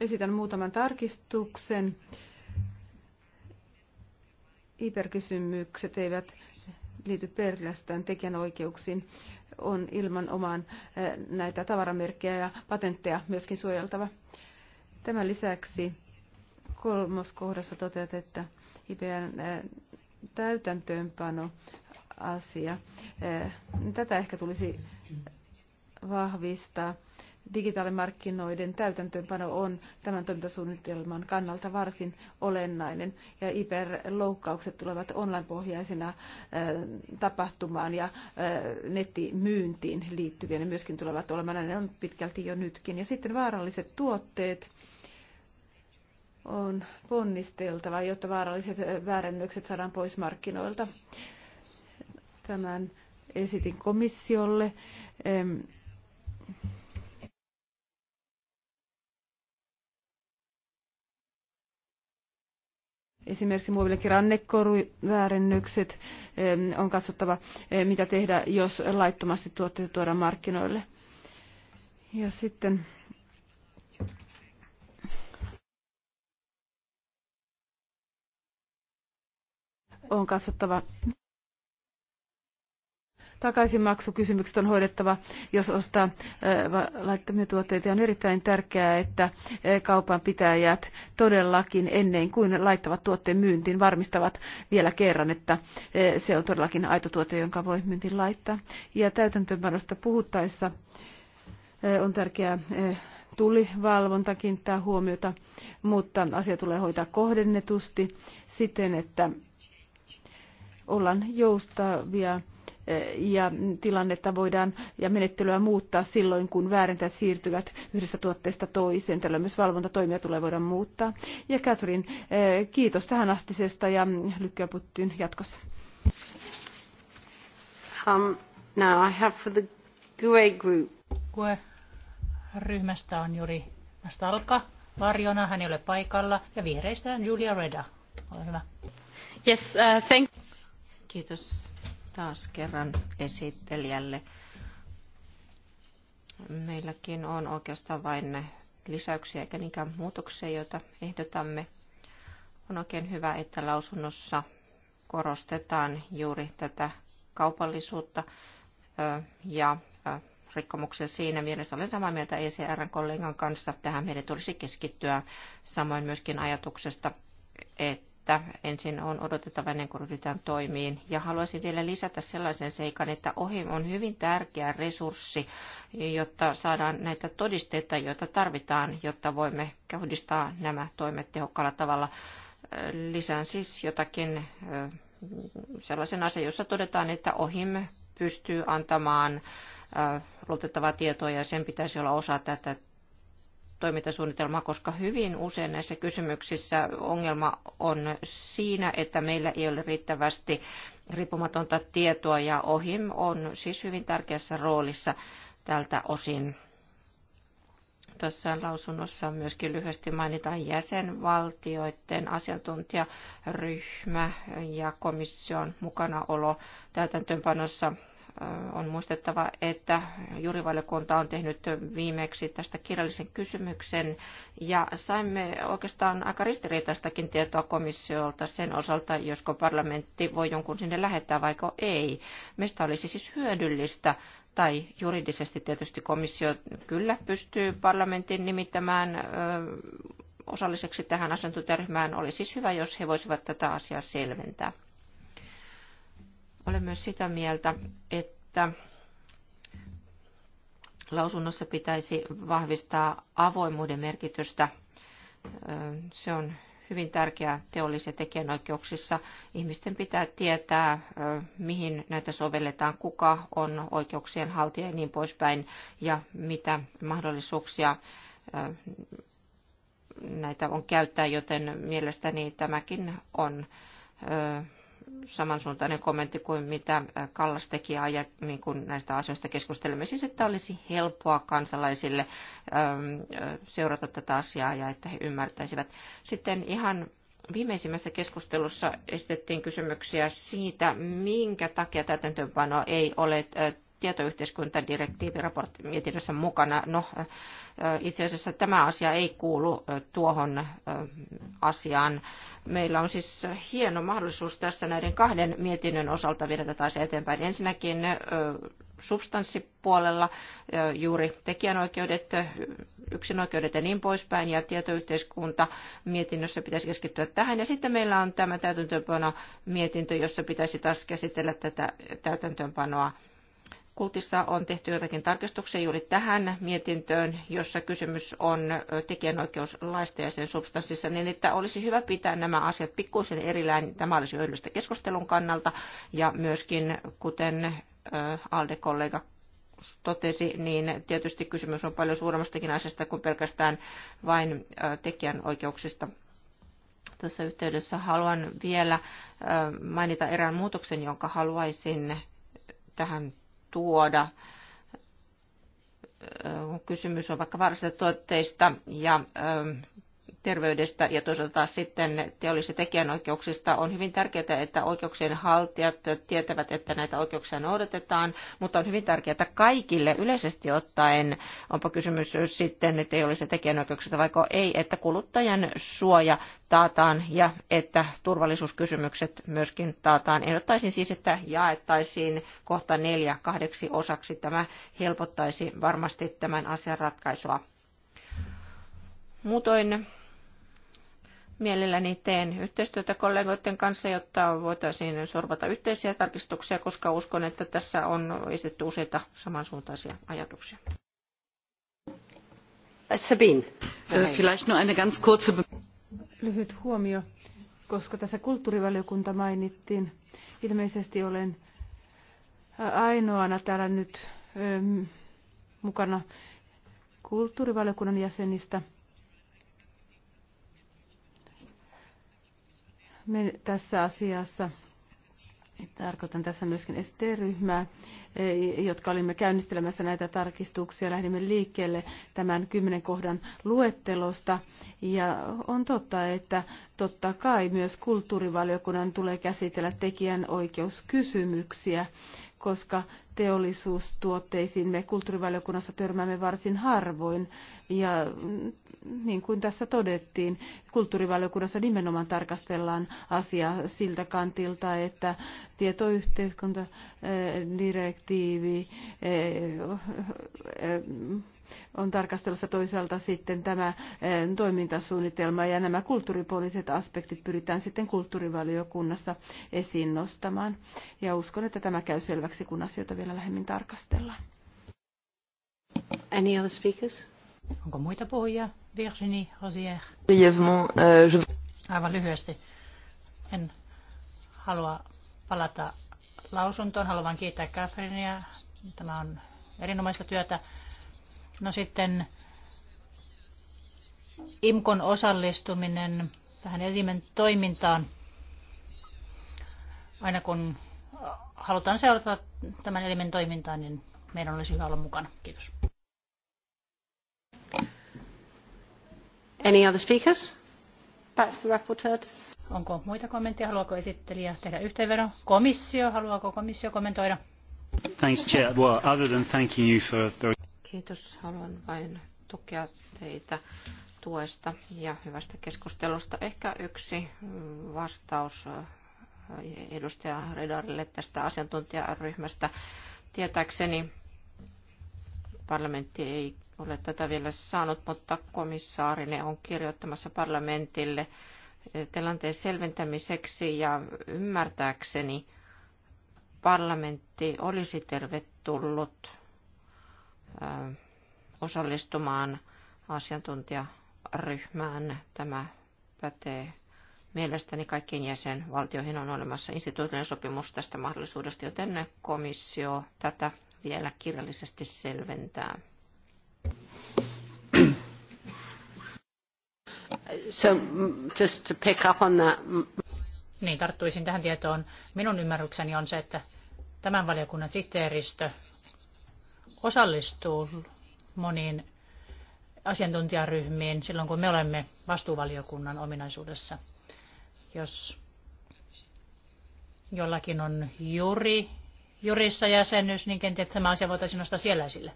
Esitän muutaman tarkistuksen. Iperkysymykset eivät liity pelkästään tekijänoikeuksiin, on ilman omaan eh, näitä tavaramerkkejä ja patentteja myöskin suojeltava. Tämän lisäksi kolmoskohdassa toteat, että IPN eh, täytäntöönpano asia. Eh, tätä ehkä tulisi vahvistaa digitaalimarkkinoiden täytäntöönpano on tämän toimintasuunnitelman kannalta varsin olennainen. Ja IPR-loukkaukset tulevat online-pohjaisena tapahtumaan ja nettimyyntiin liittyviä, ne myöskin tulevat olemaan, ne on pitkälti jo nytkin. Ja sitten vaaralliset tuotteet on ponnisteltava, jotta vaaralliset väärennökset saadaan pois markkinoilta. Tämän esitin komissiolle Esimerkiksi rannekoruväärennykset. on katsottava, mitä tehdä, jos laittomasti tuotteita tuodaan markkinoille. Ja sitten on katsottava Takaisinmaksukysymykset on hoidettava, jos ostaa äh, laittomia tuotteita. Ja on erittäin tärkeää, että äh, kaupan pitäjät todellakin ennen kuin laittavat tuotteen myyntiin varmistavat vielä kerran, että äh, se on todellakin aito tuote, jonka voi myyntiin laittaa. Ja täytäntöönpanosta puhuttaessa on tärkeää tullivalvonta kiinnittää huomiota, mutta asia tulee hoitaa kohdennetusti siten, että ollaan joustavia ja tilannetta voidaan ja menettelyä muuttaa silloin, kun väärentäjät siirtyvät yhdestä tuotteesta toiseen. Tällöin myös valvontatoimia tulee voida muuttaa. Ja Katrin, eh, kiitos tähän astisesta ja lykkyä puttyyn jatkossa. Um, now I have for the GUE group. GUE ryhmästä on juuri Stalka varjona, hän ei ole paikalla, ja vihreistä Julia Reda. Ole hyvä. Yes, uh, thank... Kiitos taas kerran esittelijälle. Meilläkin on oikeastaan vain ne lisäyksiä eikä niinkään muutoksia, joita ehdotamme. On oikein hyvä, että lausunnossa korostetaan juuri tätä kaupallisuutta ja rikkomuksen siinä mielessä. Olen samaa mieltä ecr kollegan kanssa. Tähän meidän tulisi keskittyä samoin myöskin ajatuksesta, että että ensin on odotettava ennen kuin ryhdytään toimiin. Ja haluaisin vielä lisätä sellaisen seikan, että OHIM on hyvin tärkeä resurssi, jotta saadaan näitä todisteita, joita tarvitaan, jotta voimme kohdistaa nämä toimet tehokkaalla tavalla. Lisään siis jotakin sellaisen asian, jossa todetaan, että OHIM pystyy antamaan luotettavaa tietoa ja sen pitäisi olla osa tätä toimintasuunnitelmaa, koska hyvin usein näissä kysymyksissä ongelma on siinä, että meillä ei ole riittävästi riippumatonta tietoa ja OHIM on siis hyvin tärkeässä roolissa tältä osin. Tässä lausunnossa myöskin lyhyesti mainitaan jäsenvaltioiden asiantuntijaryhmä ja komission mukanaolo täytäntöönpanossa on muistettava, että juurivaliokunta on tehnyt viimeksi tästä kirjallisen kysymyksen ja saimme oikeastaan aika ristiriitaistakin tietoa komissiolta sen osalta, josko parlamentti voi jonkun sinne lähettää vaiko ei. Mistä olisi siis hyödyllistä tai juridisesti tietysti komissio kyllä pystyy parlamentin nimittämään osalliseksi tähän asiantuntijaryhmään. Oli siis hyvä, jos he voisivat tätä asiaa selventää. Olen myös sitä mieltä, että lausunnossa pitäisi vahvistaa avoimuuden merkitystä. Se on hyvin tärkeää teollis- ja tekijänoikeuksissa. Ihmisten pitää tietää, mihin näitä sovelletaan, kuka on oikeuksien haltija ja niin poispäin, ja mitä mahdollisuuksia näitä on käyttää, joten mielestäni tämäkin on samansuuntainen kommentti kuin mitä äh, Kallas teki aiemmin, kun näistä asioista keskustelemme. Siis, että olisi helppoa kansalaisille ähm, äh, seurata tätä asiaa ja että he ymmärtäisivät. Sitten ihan viimeisimmässä keskustelussa esitettiin kysymyksiä siitä, minkä takia täytäntöönpano ei ole äh, mietinnössä mukana. No, äh, itse asiassa tämä asia ei kuulu äh, tuohon äh, asiaan. Meillä on siis hieno mahdollisuus tässä näiden kahden mietinnön osalta viedä tätä asiaa eteenpäin. Ensinnäkin substanssipuolella juuri tekijänoikeudet, yksinoikeudet ja niin poispäin, ja tietoyhteiskunta mietinnössä pitäisi keskittyä tähän. Ja sitten meillä on tämä täytäntöönpano mietintö, jossa pitäisi taas käsitellä tätä täytäntöönpanoa Kultissa on tehty jotakin tarkistuksia juuri tähän mietintöön, jossa kysymys on tekijänoikeuslaista ja sen substanssissa, niin että olisi hyvä pitää nämä asiat pikkuisen erillään. Tämä olisi hyödyllistä keskustelun kannalta ja myöskin, kuten Alde-kollega totesi, niin tietysti kysymys on paljon suuremmastakin asiasta kuin pelkästään vain tekijänoikeuksista tässä yhteydessä haluan vielä mainita erään muutoksen, jonka haluaisin tähän tuoda. Äh, kysymys on vaikka varsinaisista tuotteista ja ähm, terveydestä ja toisaalta taas sitten teollisista tekijänoikeuksista on hyvin tärkeää, että oikeuksien haltijat tietävät, että näitä oikeuksia noudatetaan, mutta on hyvin tärkeää kaikille yleisesti ottaen, onpa kysymys sitten teollisista tekijänoikeuksista vaiko ei, että kuluttajan suoja taataan ja että turvallisuuskysymykset myöskin taataan. Ehdottaisin siis, että jaettaisiin kohta neljä kahdeksi osaksi. Tämä helpottaisi varmasti tämän asian ratkaisua. Muutoin Mielelläni teen yhteistyötä kollegoiden kanssa, jotta voitaisiin sorvata yhteisiä tarkistuksia, koska uskon, että tässä on esitetty useita samansuuntaisia ajatuksia. Sabine. Äh, vielleicht nur eine ganz kurze Lyhyt huomio, koska tässä kulttuurivaliokunta mainittiin. Ilmeisesti olen äh, ainoana täällä nyt ähm, mukana kulttuurivaliokunnan jäsenistä – tässä asiassa. Tarkoitan tässä myöskin ST-ryhmää, e, jotka olimme käynnistelemässä näitä tarkistuksia. Lähdimme liikkeelle tämän kymmenen kohdan luettelosta. Ja on totta, että totta kai myös kulttuurivaliokunnan tulee käsitellä tekijän oikeuskysymyksiä koska teollisuustuotteisiin me kulttuurivaliokunnassa törmäämme varsin harvoin. Ja niin kuin tässä todettiin, kulttuurivaliokunnassa nimenomaan tarkastellaan asiaa siltä kantilta, että tietoyhteiskuntadirektiivi eh, eh, on tarkastelussa toisaalta sitten tämä eh, toimintasuunnitelma ja nämä kulttuuripoliittiset aspektit pyritään sitten kulttuurivaliokunnassa esiin nostamaan. Ja uskon, että tämä käy selväksi, kun asioita vielä lähemmin tarkastellaan. Any other speakers? Onko muita puhujia? Virginie Rosier. Euh, Aivan lyhyesti. En halua palata lausuntoon. Haluan kiittää Catherinea. Tämä on erinomaista työtä. No sitten IMKON osallistuminen tähän elimen toimintaan, aina kun halutaan seurata tämän elimen toimintaa, niin meidän olisi hyvä olla mukana. Kiitos. Any other speakers? Perhaps the rapporteurs Onko muita kommentteja? Haluaako esittelijä tehdä yhteenvedon? Komissio, haluaako komissio kommentoida? Thanks, Chair. Well, other than thanking you for Kiitos. Haluan vain tukea teitä tuesta ja hyvästä keskustelusta. Ehkä yksi mm, vastaus edustaja Redarille tästä asiantuntijaryhmästä. Tietääkseni parlamentti ei ole tätä vielä saanut, mutta komissaarine on kirjoittamassa parlamentille tilanteen selventämiseksi ja ymmärtääkseni parlamentti olisi tervetullut osallistumaan asiantuntijaryhmään. Tämä pätee mielestäni kaikkiin jäsenvaltioihin on olemassa instituutioiden sopimus tästä mahdollisuudesta, joten komissio tätä vielä kirjallisesti selventää. So, just to pick up on that. Niin, tarttuisin tähän tietoon. Minun ymmärrykseni on se, että tämän valiokunnan sihteeristö osallistuu moniin asiantuntijaryhmiin silloin, kun me olemme vastuuvaliokunnan ominaisuudessa. Jos jollakin on juri, jurissa jäsenyys, niin kenties tämä asia voitaisiin nostaa siellä esille.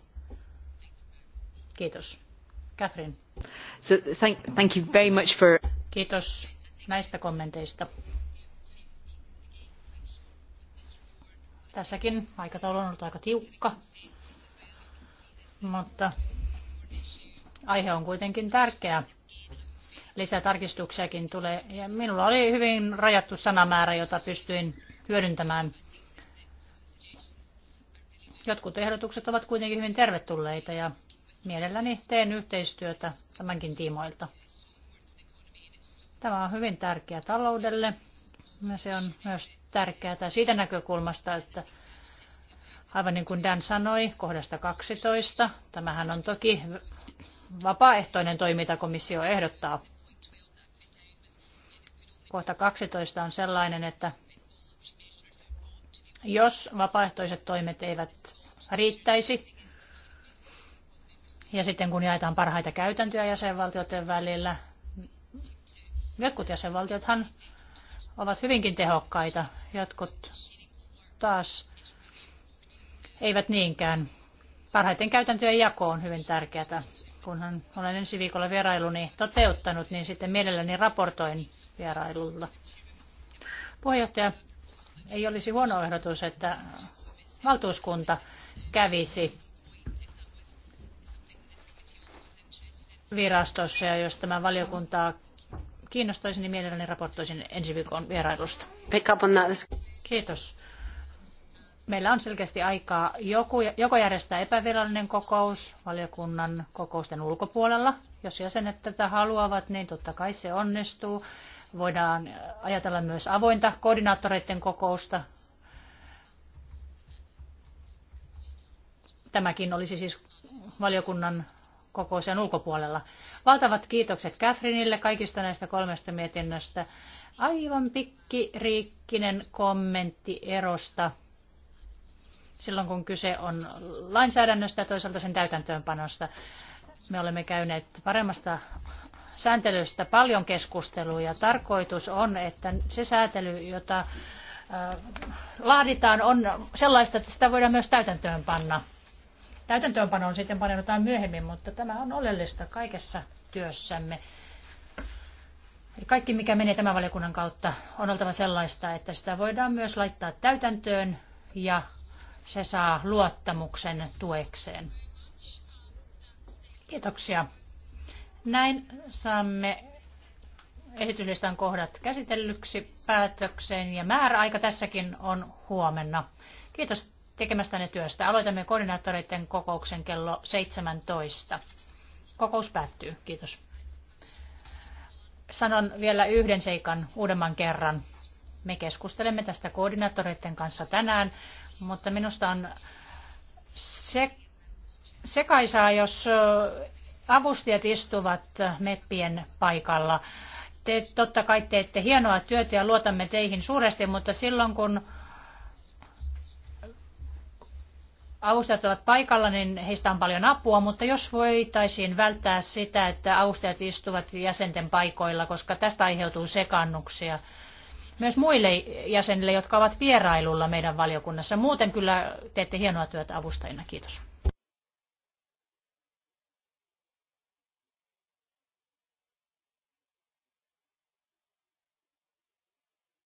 Kiitos. Catherine. So, thank, thank you very much for... Kiitos näistä kommenteista. Tässäkin aikataulu on ollut aika tiukka mutta aihe on kuitenkin tärkeä. Lisätarkistuksiakin tulee. Ja minulla oli hyvin rajattu sanamäärä, jota pystyin hyödyntämään. Jotkut ehdotukset ovat kuitenkin hyvin tervetulleita ja mielelläni teen yhteistyötä tämänkin tiimoilta. Tämä on hyvin tärkeä taloudelle ja se on myös tärkeää siitä näkökulmasta, että Aivan niin kuin Dan sanoi, kohdasta 12. Tämähän on toki vapaaehtoinen toiminta komissio ehdottaa. Kohta 12 on sellainen, että jos vapaaehtoiset toimet eivät riittäisi, ja sitten kun jaetaan parhaita käytäntöjä jäsenvaltioiden välillä, jotkut jäsenvaltiothan ovat hyvinkin tehokkaita, jotkut taas eivät niinkään. Parhaiten käytäntöjen jako on hyvin tärkeää. Kunhan olen ensi viikolla vierailuni toteuttanut, niin sitten mielelläni raportoin vierailulla. Puheenjohtaja, ei olisi huono ehdotus, että valtuuskunta kävisi virastossa ja jos tämä valiokuntaa kiinnostaisi, niin mielelläni raportoisin ensi viikon vierailusta. Kiitos meillä on selkeästi aikaa joku, joko järjestää epävirallinen kokous valiokunnan kokousten ulkopuolella. Jos jäsenet tätä haluavat, niin totta kai se onnistuu. Voidaan ajatella myös avointa koordinaattoreiden kokousta. Tämäkin olisi siis valiokunnan kokouksen ulkopuolella. Valtavat kiitokset Catherineille kaikista näistä kolmesta mietinnöstä. Aivan pikkiriikkinen kommentti erosta silloin, kun kyse on lainsäädännöstä ja toisaalta sen täytäntöönpanosta. Me olemme käyneet paremmasta sääntelystä paljon keskustelua ja tarkoitus on, että se säätely, jota äh, laaditaan, on sellaista, että sitä voidaan myös täytäntöönpanna. on sitten paneudutaan myöhemmin, mutta tämä on oleellista kaikessa työssämme. Eli kaikki, mikä menee tämän valiokunnan kautta, on oltava sellaista, että sitä voidaan myös laittaa täytäntöön ja se saa luottamuksen tuekseen. Kiitoksia. Näin saamme esityslistan kohdat käsitellyksi päätökseen ja määräaika tässäkin on huomenna. Kiitos tekemästänne työstä. Aloitamme koordinaattoreiden kokouksen kello 17. Kokous päättyy. Kiitos. Sanon vielä yhden seikan uudemman kerran. Me keskustelemme tästä koordinaattoreiden kanssa tänään mutta minusta on se, sekaisaa, jos avustajat istuvat meppien paikalla. Te totta kai teette hienoa työtä ja luotamme teihin suuresti, mutta silloin kun avustajat ovat paikalla, niin heistä on paljon apua, mutta jos voitaisiin välttää sitä, että avustajat istuvat jäsenten paikoilla, koska tästä aiheutuu sekannuksia, myös muille jäsenille, jotka ovat vierailulla meidän valiokunnassa. Muuten kyllä teette hienoa työtä avustajina. Kiitos.